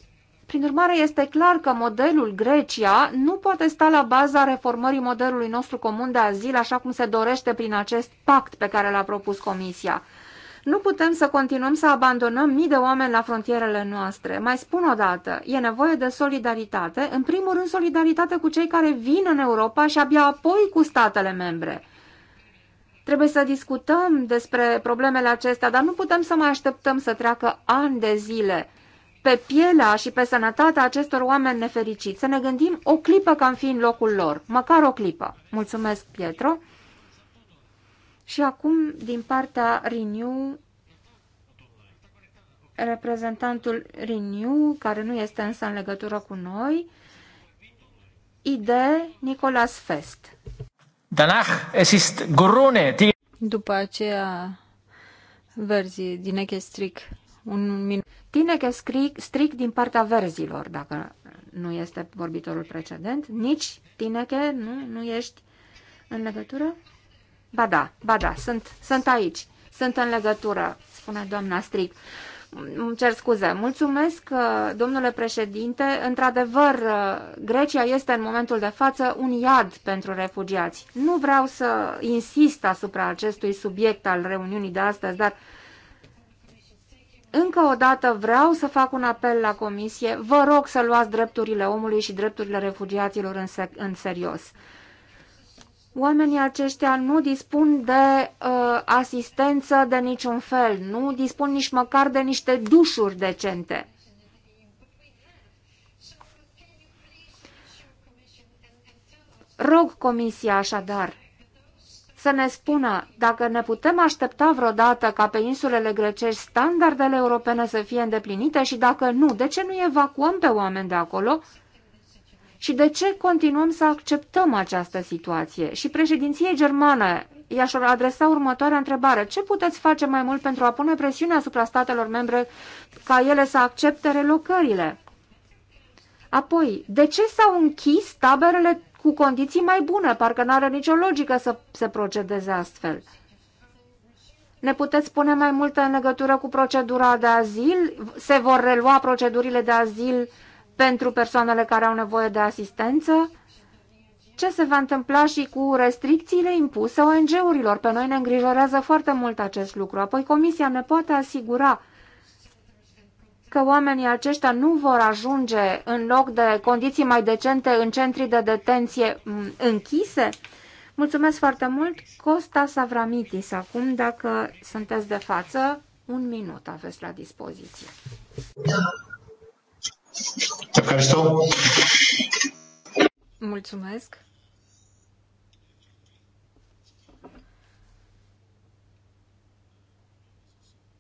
Prin urmare, este clar că modelul Grecia nu poate sta la baza reformării modelului nostru comun de azil, așa cum se dorește prin acest pact pe care l-a propus Comisia. Nu putem să continuăm să abandonăm mii de oameni la frontierele noastre. Mai spun o dată, e nevoie de solidaritate, în primul rând solidaritate cu cei care vin în Europa și abia apoi cu statele membre. Trebuie să discutăm despre problemele acestea, dar nu putem să mai așteptăm să treacă ani de zile pe pielea și pe sănătatea acestor oameni nefericiți. Să ne gândim o clipă ca în fi în locul lor, măcar o clipă. Mulțumesc, Pietro. Și acum, din partea Renew, reprezentantul Renew, care nu este însă în legătură cu noi, ID Nicolas Fest. Danach es ist Grune. După aceea, verzii din Echestric. Un minut. Tineke stric, stric din partea verzilor, dacă nu este vorbitorul precedent. Nici, Tineche, nu, nu ești în legătură? Ba da, ba da, sunt, sunt aici, sunt în legătură, spune doamna Stric. Îmi cer scuze. Mulțumesc, uh, domnule președinte. Într-adevăr, uh, Grecia este în momentul de față un iad pentru refugiați. Nu vreau să insist asupra acestui subiect al reuniunii de astăzi, dar încă o dată vreau să fac un apel la Comisie. Vă rog să luați drepturile omului și drepturile refugiaților în, se în serios. Oamenii aceștia nu dispun de uh, asistență de niciun fel, nu dispun nici măcar de niște dușuri decente. Rog Comisia așadar să ne spună dacă ne putem aștepta vreodată ca pe insulele grecești standardele europene să fie îndeplinite și dacă nu, de ce nu evacuăm pe oameni de acolo și de ce continuăm să acceptăm această situație? Și președinției germane i-aș adresa următoarea întrebare. Ce puteți face mai mult pentru a pune presiune asupra statelor membre ca ele să accepte relocările? Apoi, de ce s-au închis taberele cu condiții mai bune? Parcă nu are nicio logică să se procedeze astfel. Ne puteți spune mai multe în legătură cu procedura de azil? Se vor relua procedurile de azil pentru persoanele care au nevoie de asistență? Ce se va întâmpla și cu restricțiile impuse ONG-urilor? Pe noi ne îngrijorează foarte mult acest lucru. Apoi Comisia ne poate asigura că oamenii aceștia nu vor ajunge în loc de condiții mai decente în centrii de detenție mm, închise? Mulțumesc foarte mult, Costa Savramitis. Acum, dacă sunteți de față, un minut aveți la dispoziție. Mulțumesc.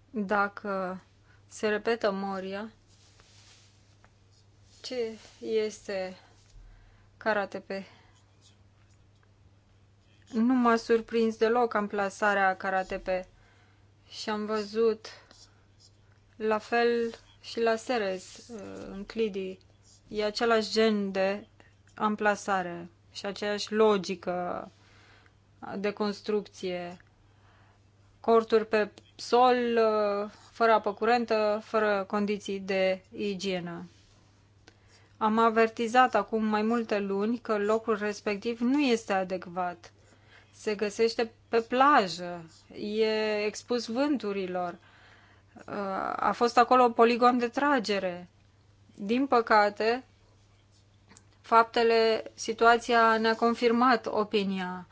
Dacă se repetă Moria, ce este karatepe? Nu m-a surprins deloc amplasarea karatepe și am văzut la fel și la Seres, uh, în Clidi, e același gen de amplasare și aceeași logică de construcție. Corturi pe sol, uh, fără apă curentă, fără condiții de igienă. Am avertizat acum mai multe luni că locul respectiv nu este adecvat. Se găsește pe plajă, e expus vânturilor, a fost acolo un poligon de tragere. Din păcate, faptele, situația ne-a confirmat opinia.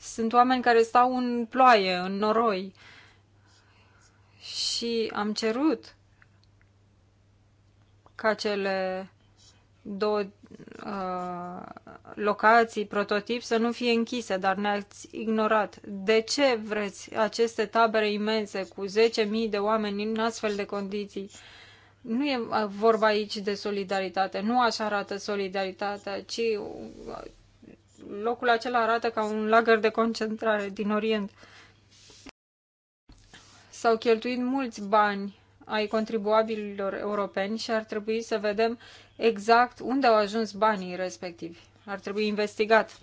Sunt oameni care stau în ploaie, în noroi. Și am cerut ca cele două uh, locații, prototip, să nu fie închise, dar ne-ați ignorat. De ce vreți aceste tabere imense cu 10.000 de oameni în astfel de condiții? Nu e vorba aici de solidaritate, nu așa arată solidaritatea, ci uh, locul acela arată ca un lagăr de concentrare din Orient. S-au cheltuit mulți bani ai contribuabililor europeni și ar trebui să vedem exact unde au ajuns banii respectivi. Ar trebui investigat.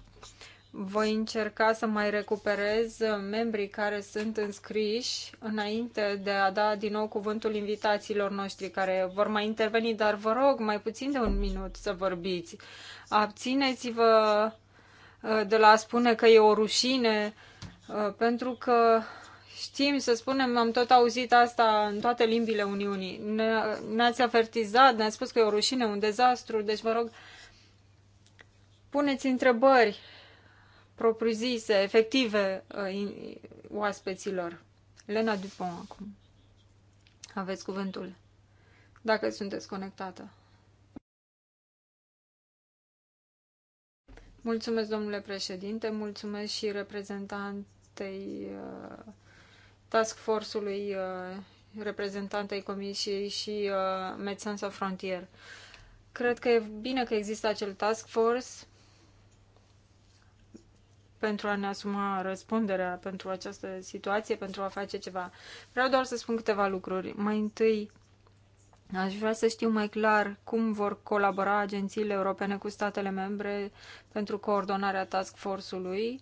Voi încerca să mai recuperez membrii care sunt înscriși înainte de a da din nou cuvântul invitațiilor noștri care vor mai interveni, dar vă rog mai puțin de un minut să vorbiți. Abțineți-vă uh, de la a spune că e o rușine, uh, pentru că Știm, să spunem, am tot auzit asta în toate limbile Uniunii. Ne-ați avertizat, ne-ați spus că e o rușine, un dezastru, deci vă rog, puneți întrebări propriu-zise, efective uh, oaspeților. Lena Dupont acum. Aveți cuvântul. Dacă sunteți conectată. Mulțumesc, domnule președinte, mulțumesc și reprezentantei uh, task force-ului uh, reprezentantei Comisiei și uh, Médecins Sans Frontier. Cred că e bine că există acel task force pentru a ne asuma răspunderea pentru această situație, pentru a face ceva. Vreau doar să spun câteva lucruri. Mai întâi, Aș vrea să știu mai clar cum vor colabora agențiile europene cu statele membre pentru coordonarea task force-ului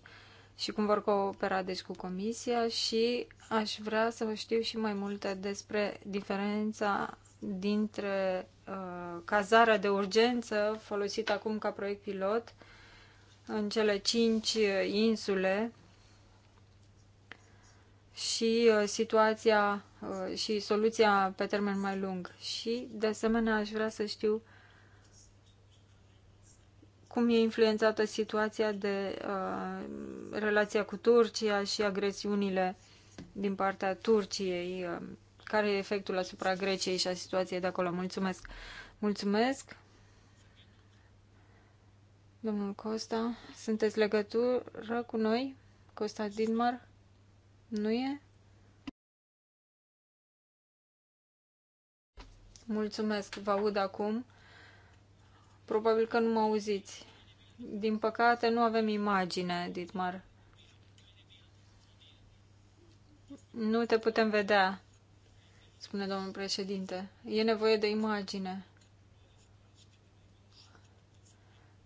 și cum vor coopera deci cu comisia și aș vrea să știu și mai multe despre diferența dintre uh, cazarea de urgență folosită acum ca proiect pilot în cele cinci uh, insule și uh, situația uh, și soluția pe termen mai lung. Și, de asemenea, aș vrea să știu cum e influențată situația de uh, relația cu Turcia și agresiunile din partea Turciei. Uh, care e efectul asupra Greciei și a situației de acolo? Mulțumesc! Mulțumesc! Domnul Costa, sunteți legătură cu noi? Costa Dinmar? Nu e? Mulțumesc, vă aud acum. Probabil că nu mă auziți. Din păcate, nu avem imagine, Ditmar. Nu te putem vedea, spune domnul președinte. E nevoie de imagine.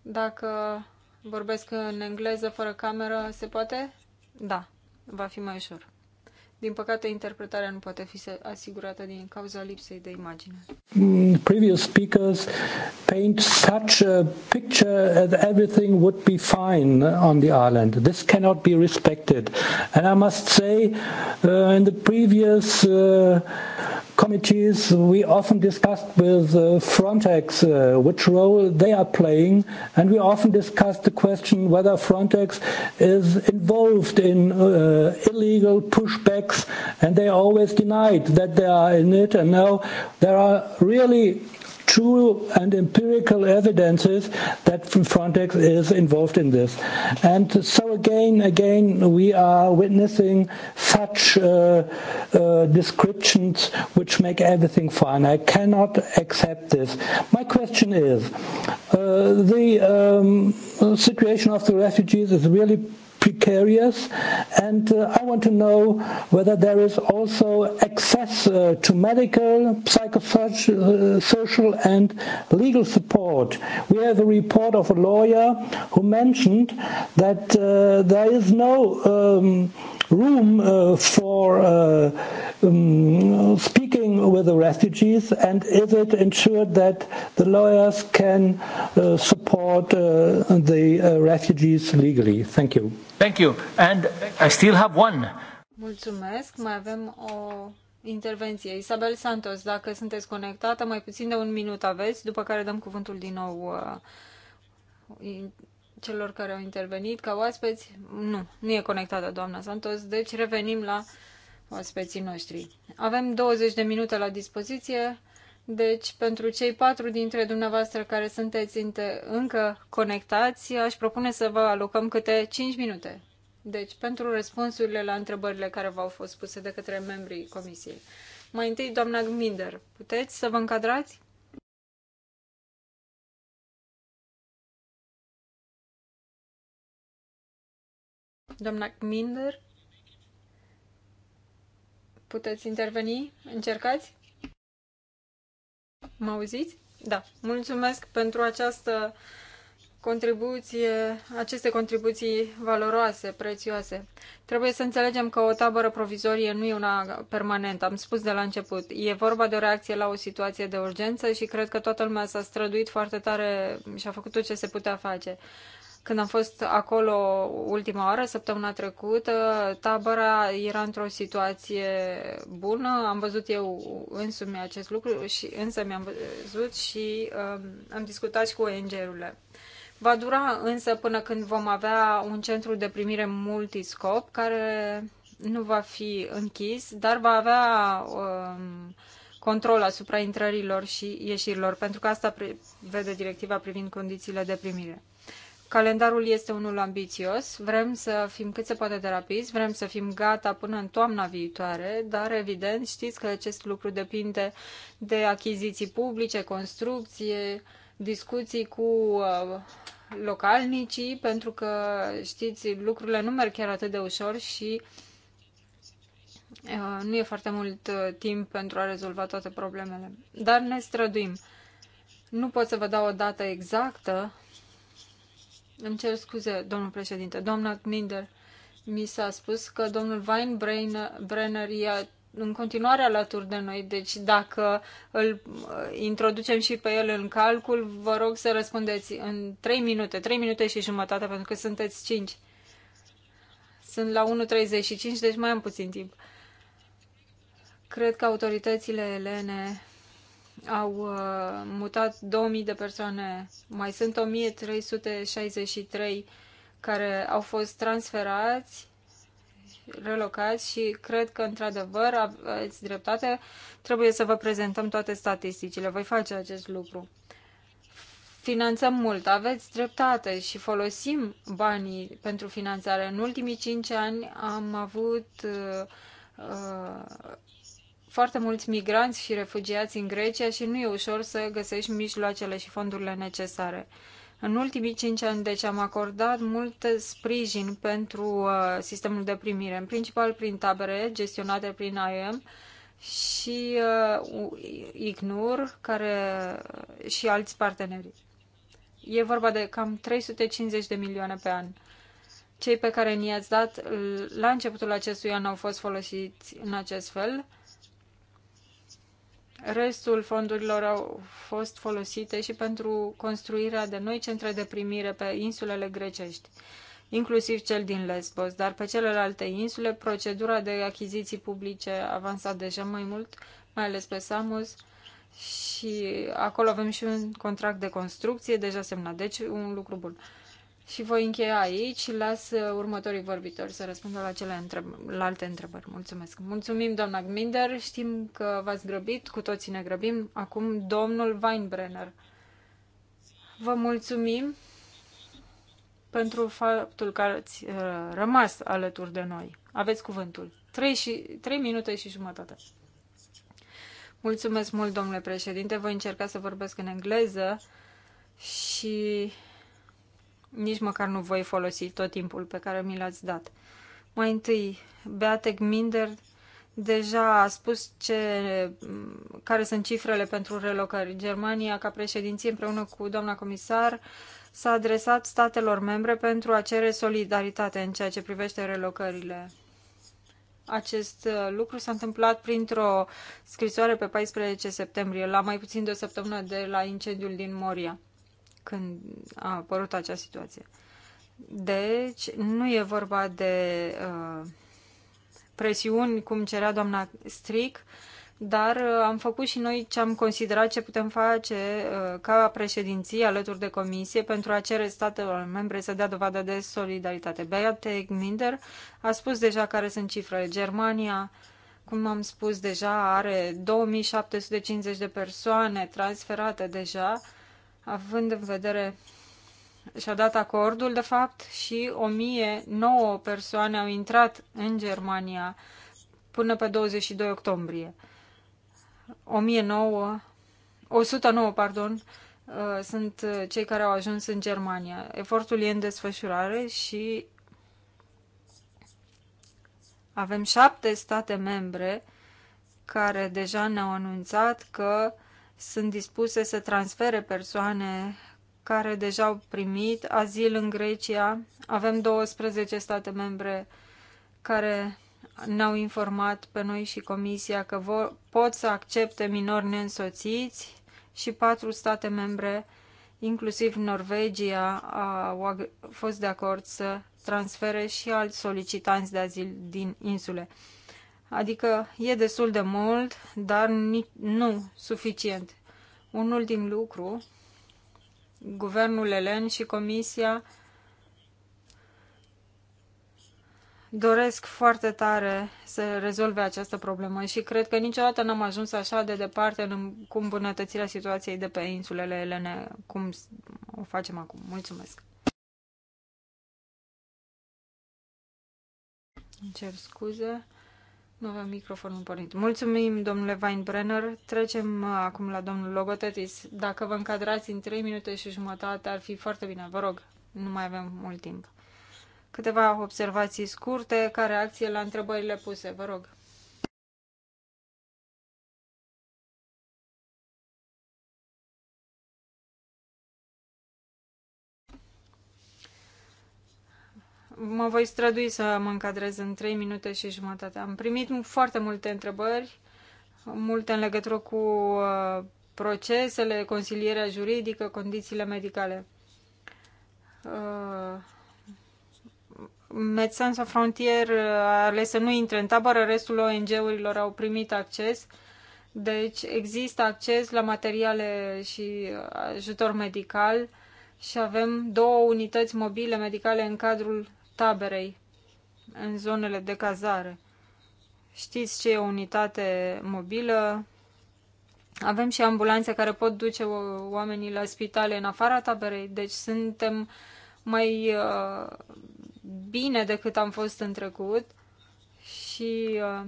Dacă vorbesc în engleză fără cameră, se poate? Da, va fi mai ușor. Din păcate, interpretarea nu poate fi asigurată din cauza lipsei de imagine. Mm, previous speakers paint such a picture that everything would be fine on the island. This cannot be respected. And I must say, uh, in the previous uh, committees, we often discussed with uh, Frontex uh, which role they are playing, and we often discussed the question whether Frontex is involved in uh, illegal pushbacks, and they always denied that they are in it, and now there are really true and empirical evidences that Frontex is involved in this. And so again, again, we are witnessing such uh, uh, descriptions which make everything fine. I cannot accept this. My question is, uh, the um, situation of the refugees is really precarious. And uh, I want to know whether there is also access uh, to medical, psychosocial, uh, social and legal support. We have a report of a lawyer who mentioned that uh, there is no um, room uh, for uh, um, speaking with the refugees and is it ensured that the lawyers can uh, support uh, the uh, refugees legally? Thank you. Thank you. And I still have one. Mulțumesc. Mai avem o intervenție. Isabel Santos, dacă sunteți conectată, mai puțin de un minut aveți, după care dăm cuvântul din nou uh, celor care au intervenit ca oaspeți. Nu, nu e conectată doamna Santos, deci revenim la oaspeții noștri. Avem 20 de minute la dispoziție deci, pentru cei patru dintre dumneavoastră care sunteți încă conectați, aș propune să vă alocăm câte 5 minute. Deci, pentru răspunsurile la întrebările care v-au fost puse de către membrii comisiei. Mai întâi, doamna Gminder, puteți să vă încadrați? Doamna Gminder, puteți interveni? Încercați? Mă auziți? Da. Mulțumesc pentru această contribuție, aceste contribuții valoroase, prețioase. Trebuie să înțelegem că o tabără provizorie nu e una permanentă, am spus de la început. E vorba de o reacție la o situație de urgență și cred că toată lumea s-a străduit foarte tare și a făcut tot ce se putea face. Când am fost acolo ultima oară, săptămâna trecută, tabăra era într-o situație bună. Am văzut eu însumi acest lucru, și, însă mi-am văzut și um, am discutat și cu ONG-urile. Va dura însă până când vom avea un centru de primire multiscop care nu va fi închis, dar va avea um, control asupra intrărilor și ieșirilor, pentru că asta vede directiva privind condițiile de primire. Calendarul este unul ambițios, vrem să fim cât se poate de rapizi, vrem să fim gata până în toamna viitoare, dar evident știți că acest lucru depinde de achiziții publice, construcție, discuții cu uh, localnicii, pentru că știți, lucrurile nu merg chiar atât de ușor și uh, nu e foarte mult uh, timp pentru a rezolva toate problemele. Dar ne străduim. Nu pot să vă dau o dată exactă îmi cer scuze, domnul președinte. Doamna Minder mi s-a spus că domnul Weinbrenner e în continuare alături de noi, deci dacă îl uh, introducem și pe el în calcul, vă rog să răspundeți în 3 minute, 3 minute și jumătate, pentru că sunteți 5. Sunt la 1.35, deci mai am puțin timp. Cred că autoritățile elene au uh, mutat 2000 de persoane, mai sunt 1363 care au fost transferați, relocați și cred că, într-adevăr, aveți dreptate, trebuie să vă prezentăm toate statisticile. Voi face acest lucru. Finanțăm mult, aveți dreptate și folosim banii pentru finanțare. În ultimii 5 ani am avut uh, uh foarte mulți migranți și refugiați în Grecia și nu e ușor să găsești mijloacele și fondurile necesare. În ultimii cinci ani, deci, am acordat mult sprijin pentru uh, sistemul de primire, în principal prin tabere gestionate prin IOM și uh, IGNUR care, uh, și alți parteneri. E vorba de cam 350 de milioane pe an. Cei pe care ni i-ați dat la începutul acestui an au fost folosiți în acest fel Restul fondurilor au fost folosite și pentru construirea de noi centre de primire pe insulele grecești, inclusiv cel din Lesbos, dar pe celelalte insule procedura de achiziții publice avansat deja mai mult, mai ales pe Samos, și acolo avem și un contract de construcție deja semnat, deci un lucru bun. Și voi încheia aici și las uh, următorii vorbitori să răspundă la, cele întreb- la alte întrebări. Mulțumesc. Mulțumim, doamna Gminder. Știm că v-ați grăbit, cu toții ne grăbim. Acum, domnul Weinbrenner. Vă mulțumim pentru faptul că ați uh, rămas alături de noi. Aveți cuvântul. Trei și, trei minute și jumătate. Mulțumesc mult, domnule președinte. Voi încerca să vorbesc în engleză și nici măcar nu voi folosi tot timpul pe care mi l-ați dat. Mai întâi, Beate Minder deja a spus ce, care sunt cifrele pentru relocări. Germania, ca președinție, împreună cu doamna comisar, s-a adresat statelor membre pentru a cere solidaritate în ceea ce privește relocările. Acest uh, lucru s-a întâmplat printr-o scrisoare pe 14 septembrie, la mai puțin de o săptămână de la incendiul din Moria când a apărut acea situație. Deci, nu e vorba de uh, presiuni, cum cerea doamna Stric, dar uh, am făcut și noi ce am considerat ce putem face uh, ca președinții alături de comisie pentru a cere statelor membre să dea dovadă de solidaritate. Beate Minder a spus deja care sunt cifrele. Germania, cum am spus deja, are 2750 de persoane transferate deja având în vedere și-a dat acordul, de fapt, și 1009 persoane au intrat în Germania până pe 22 octombrie. 1009, 109, pardon, uh, sunt uh, cei care au ajuns în Germania. Efortul e în desfășurare și avem șapte state membre care deja ne-au anunțat că sunt dispuse să transfere persoane care deja au primit azil în Grecia. Avem 12 state membre care ne-au informat pe noi și Comisia că vor, pot să accepte minori neînsoțiți și patru state membre, inclusiv Norvegia, au fost de acord să transfere și alți solicitanți de azil din insule. Adică e destul de mult, dar nu suficient. Un ultim lucru, guvernul elen și comisia doresc foarte tare să rezolve această problemă și cred că niciodată n-am ajuns așa de departe în, cu îmbunătățirea situației de pe insulele elene, cum o facem acum. Mulțumesc! Îmi cer scuze. Nu avem microfonul pornit. Mulțumim, domnule Weinbrenner. Trecem uh, acum la domnul Logotetis. Dacă vă încadrați în 3 minute și jumătate, ar fi foarte bine. Vă rog, nu mai avem mult timp. Câteva observații scurte ca reacție la întrebările puse. Vă rog. Mă voi strădui să mă încadrez în 3 minute și jumătate. Am primit foarte multe întrebări, multe în legătură cu uh, procesele, consilierea juridică, condițiile medicale. Uh, Medecins Sans Frontier a ales să nu intre în tabără, restul ONG-urilor au primit acces. Deci există acces la materiale și ajutor medical și avem două unități mobile medicale în cadrul taberei în zonele de cazare. Știți ce e o unitate mobilă? Avem și ambulanțe care pot duce oamenii la spitale în afara taberei, deci suntem mai uh, bine decât am fost în trecut și uh,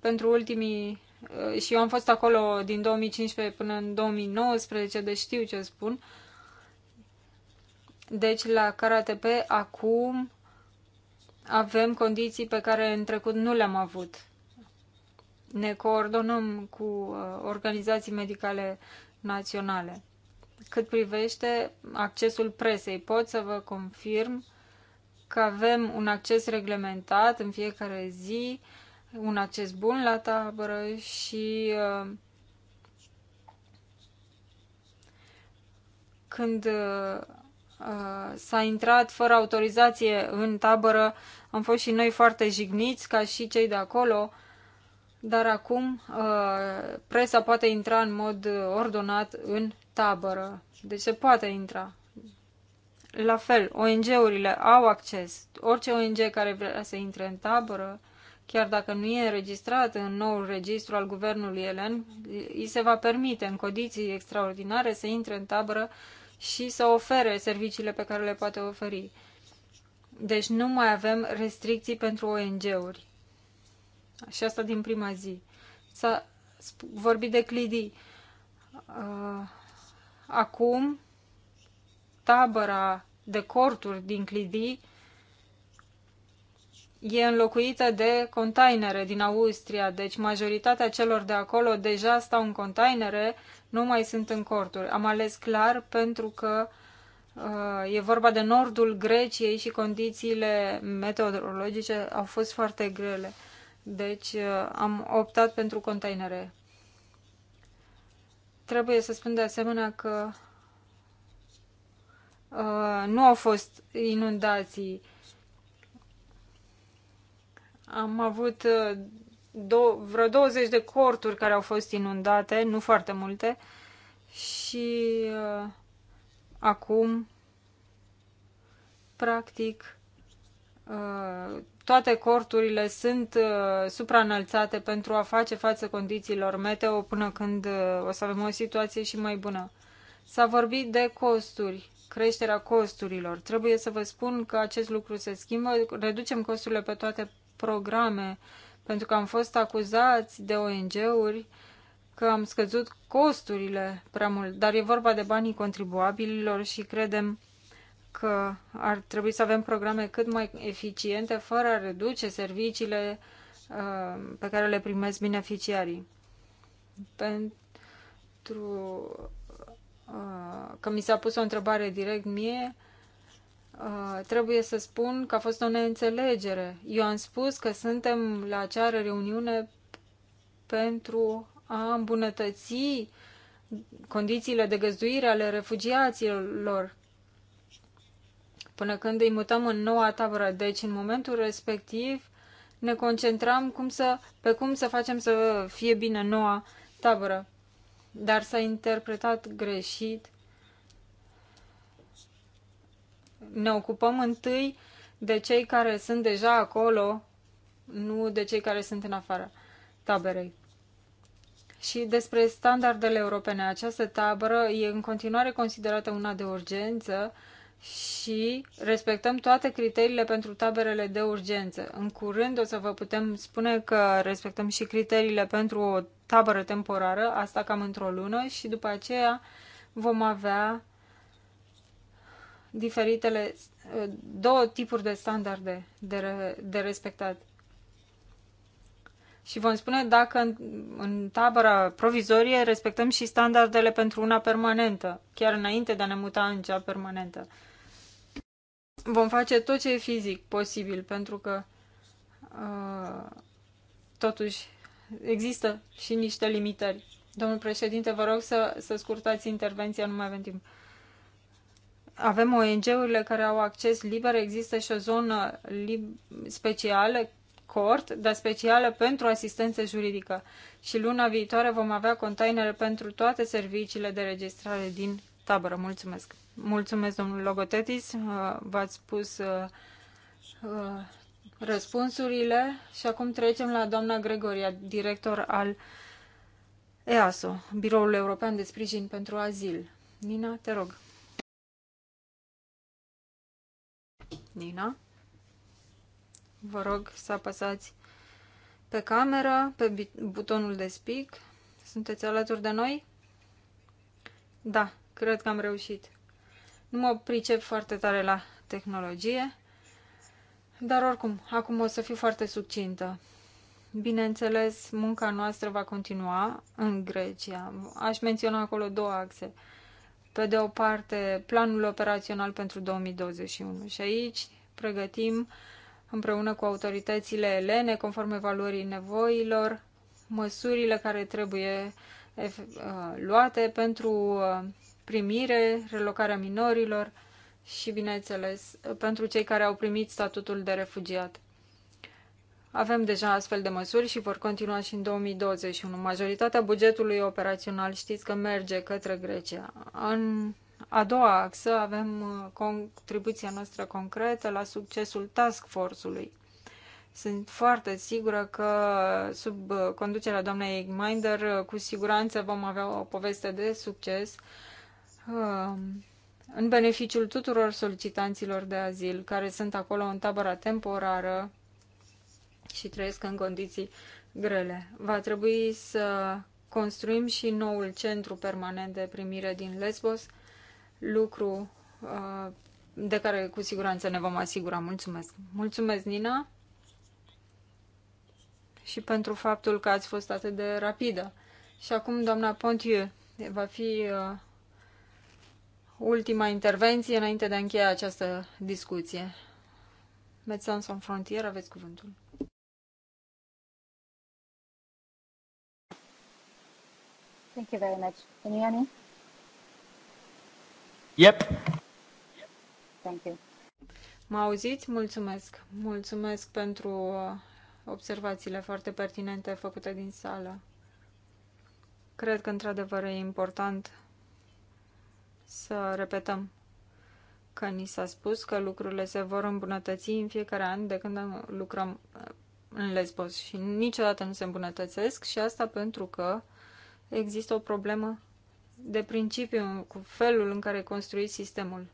pentru ultimii uh, și eu am fost acolo din 2015 până în 2019, deci știu ce spun. Uh, deci, la KRATP acum avem condiții pe care în trecut nu le-am avut. Ne coordonăm cu uh, organizații medicale naționale. Cât privește accesul presei, pot să vă confirm că avem un acces reglementat în fiecare zi, un acces bun la tabără și uh, când uh, Uh, s-a intrat fără autorizație în tabără. Am fost și noi foarte jigniți, ca și cei de acolo, dar acum uh, presa poate intra în mod ordonat în tabără. Deci se poate intra. La fel, ONG-urile au acces. Orice ONG care vrea să intre în tabără, chiar dacă nu e înregistrat în noul registru al guvernului elen, îi se va permite în condiții extraordinare să intre în tabără uh, și să ofere serviciile pe care le poate oferi. Deci nu mai avem restricții pentru ONG-uri. Și asta din prima zi. S-a vorbit de Clidi. Uh, acum, tabăra de corturi din Clidi e înlocuită de containere din Austria, deci majoritatea celor de acolo deja stau în containere, nu mai sunt în corturi. Am ales clar pentru că uh, e vorba de nordul Greciei și condițiile meteorologice au fost foarte grele. Deci uh, am optat pentru containere. Trebuie să spun de asemenea că uh, nu au fost inundații. Uh, am avut uh, do- vreo 20 de corturi care au fost inundate, nu foarte multe, și uh, acum, practic, uh, toate corturile sunt uh, supraînălțate pentru a face față condițiilor meteo până când uh, o să avem o situație și mai bună. S-a vorbit de costuri, creșterea costurilor. Trebuie să vă spun că acest lucru se schimbă, reducem costurile pe toate programe, pentru că am fost acuzați de ONG-uri că am scăzut costurile prea mult, dar e vorba de banii contribuabililor și credem că ar trebui să avem programe cât mai eficiente fără a reduce serviciile uh, pe care le primesc beneficiarii. Pentru uh, că mi s-a pus o întrebare direct mie, Uh, trebuie să spun că a fost o neînțelegere. Eu am spus că suntem la acea reuniune pentru a îmbunătăți condițiile de găzduire ale refugiaților până când îi mutăm în noua tabără. Deci, în momentul respectiv, ne concentram cum să, pe cum să facem să fie bine noua tabără. Dar s-a interpretat greșit ne ocupăm întâi de cei care sunt deja acolo, nu de cei care sunt în afara taberei. Și despre standardele europene, această tabără e în continuare considerată una de urgență și respectăm toate criteriile pentru taberele de urgență. În curând o să vă putem spune că respectăm și criteriile pentru o tabără temporară, asta cam într-o lună și după aceea vom avea diferitele uh, două tipuri de standarde de, de respectat. Și vom spune dacă în, în tabăra provizorie respectăm și standardele pentru una permanentă, chiar înainte de a ne muta în cea permanentă. Vom face tot ce e fizic posibil, pentru că uh, totuși există și niște limitări. Domnul președinte, vă rog să, să scurtați intervenția, nu mai avem timp. Uh, avem ONG-urile care au acces liber, există și o zonă specială, cort, dar specială pentru asistență juridică. Și luna viitoare vom avea containere pentru toate serviciile de registrare din tabără. Mulțumesc! Mulțumesc, domnul Logotetis, uh, v-ați spus uh, uh, răspunsurile și acum trecem la doamna Gregoria, director al EASO, Biroul European de Sprijin pentru Azil. Nina, te rog. Nina. Vă rog să apăsați pe cameră, pe butonul de speak. Sunteți alături de noi? Da, cred că am reușit. Nu mă pricep foarte tare la tehnologie, dar oricum, acum o să fiu foarte succintă. Bineînțeles, munca noastră va continua în Grecia. Aș menționa acolo două axe pe de o parte, planul operațional pentru 2021 și aici pregătim împreună cu autoritățile elene, conform evaluării nevoilor, măsurile care trebuie eh, luate pentru eh, primire, relocarea minorilor și, bineînțeles, pentru cei care au primit statutul de refugiat. Avem deja astfel de măsuri și vor continua și în 2021. Majoritatea bugetului operațional știți că merge către Grecia. În a doua axă avem uh, contribuția noastră concretă la succesul task force-ului. Sunt foarte sigură că sub uh, conducerea doamnei Eggminder uh, cu siguranță vom avea o poveste de succes în beneficiul tuturor solicitanților de azil care sunt acolo în tabăra temporară și trăiesc în condiții grele. Va trebui să construim și noul centru permanent de primire din Lesbos, lucru uh, de care cu siguranță ne vom asigura. Mulțumesc! Mulțumesc, Nina, și pentru faptul că ați fost atât de rapidă. Și acum, doamna Pontieu, va fi uh, ultima intervenție înainte de a încheia această discuție. Médecins Sans Frontières, aveți cuvântul. Thank you very much. Can you hear me? Yep. Thank you. Mă auziți? Mulțumesc. Mulțumesc pentru observațiile foarte pertinente făcute din sală. Cred că, într-adevăr, e important să repetăm că ni s-a spus că lucrurile se vor îmbunătăți în fiecare an de când lucrăm în Lesbos și niciodată nu se îmbunătățesc și asta pentru că există o problemă de principiu cu felul în care construiți sistemul.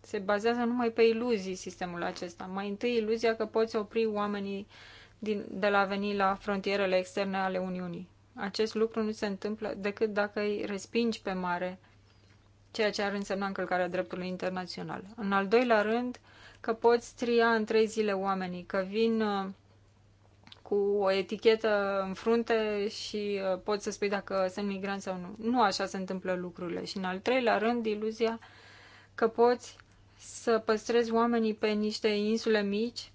Se bazează numai pe iluzii sistemul acesta. Mai întâi iluzia că poți opri oamenii din, de la a veni la frontierele externe ale Uniunii. Acest lucru nu se întâmplă decât dacă îi respingi pe mare, ceea ce ar însemna încălcarea dreptului internațional. În al doilea rând, că poți tria în trei zile oamenii, că vin uh, cu o etichetă în frunte și uh, poți să spui dacă sunt migrant sau nu. Nu așa se întâmplă lucrurile. Și în al treilea rând, iluzia că poți să păstrezi oamenii pe niște insule mici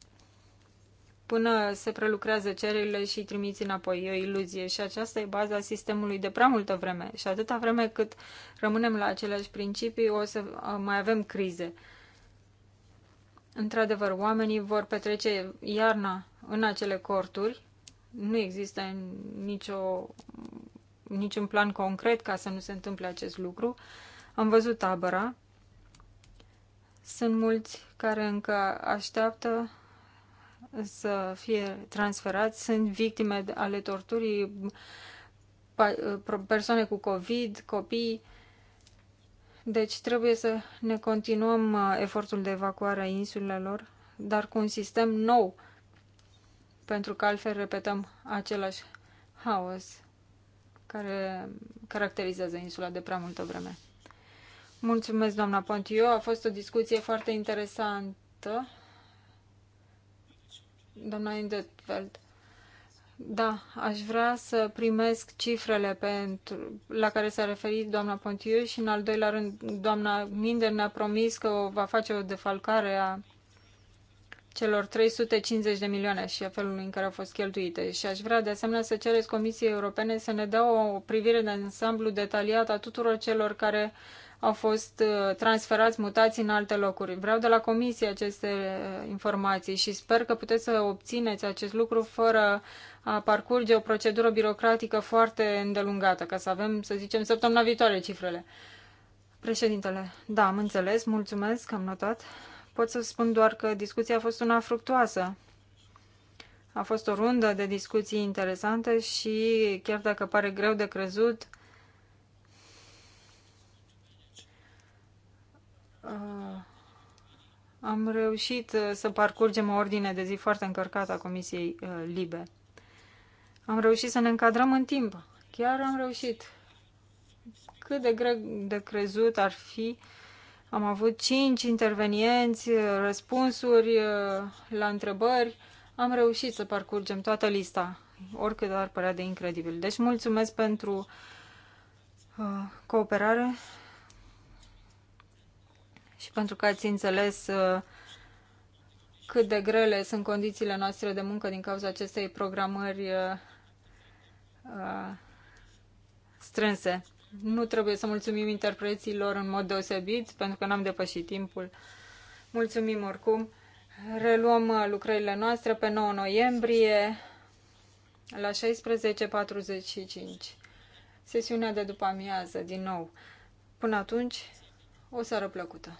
până se prelucrează cererile și trimiți înapoi. E o iluzie și aceasta e baza sistemului de prea multă vreme. Și atâta vreme cât rămânem la aceleași principii, o să uh, mai avem crize. Într-adevăr, oamenii vor petrece iarna în acele corturi. Nu există nicio, niciun plan concret ca să nu se întâmple acest lucru. Am văzut tabăra. Sunt mulți care încă așteaptă să fie transferați. Sunt victime ale torturii, persoane cu COVID, copii. Deci trebuie să ne continuăm uh, efortul de evacuare a insulelor, dar cu un sistem nou, pentru că altfel repetăm același haos care caracterizează insula de prea multă vreme. Mulțumesc, doamna Pontiu. A fost o discuție foarte interesantă. Doamna Indetveld, da, aș vrea să primesc cifrele pentru, la care s-a referit doamna Pontiu și în al doilea rând doamna Minder ne-a promis că o va face o defalcare a celor 350 de milioane și a felului în care au fost cheltuite. Și aș vrea de asemenea să cereți Comisiei Europene să ne dea o privire de ansamblu detaliată a tuturor celor care au fost uh, transferați, mutați în alte locuri. Vreau de la comisie aceste uh, informații și sper că puteți să obțineți acest lucru fără a parcurge o procedură birocratică foarte îndelungată, ca să avem, să zicem, săptămâna viitoare cifrele. Președintele, da, am înțeles, mulțumesc, am notat. Pot să spun doar că discuția a fost una fructuoasă. A fost o rundă de discuții interesante și, chiar dacă pare greu de crezut, Ah, am reușit uh, să parcurgem o ordine de zi foarte încărcată a Comisiei uh, Libe. Am reușit să ne încadrăm în timp. Chiar am reușit. Cât de greu de crezut ar fi, am avut cinci intervenienți, uh, răspunsuri la întrebări. Am reușit să parcurgem toată lista, oricât ar părea de incredibil. Deci mulțumesc pentru cooperare și pentru că ați înțeles uh, cât de grele sunt condițiile noastre de muncă din cauza acestei programări uh, uh, strânse. Nu trebuie să mulțumim interpreților în mod deosebit, pentru că n-am depășit timpul. Mulțumim oricum. Reluăm lucrările noastre pe 9 noiembrie la 16.45. Sesiunea de după amiază, din nou. Până atunci, o seară plăcută!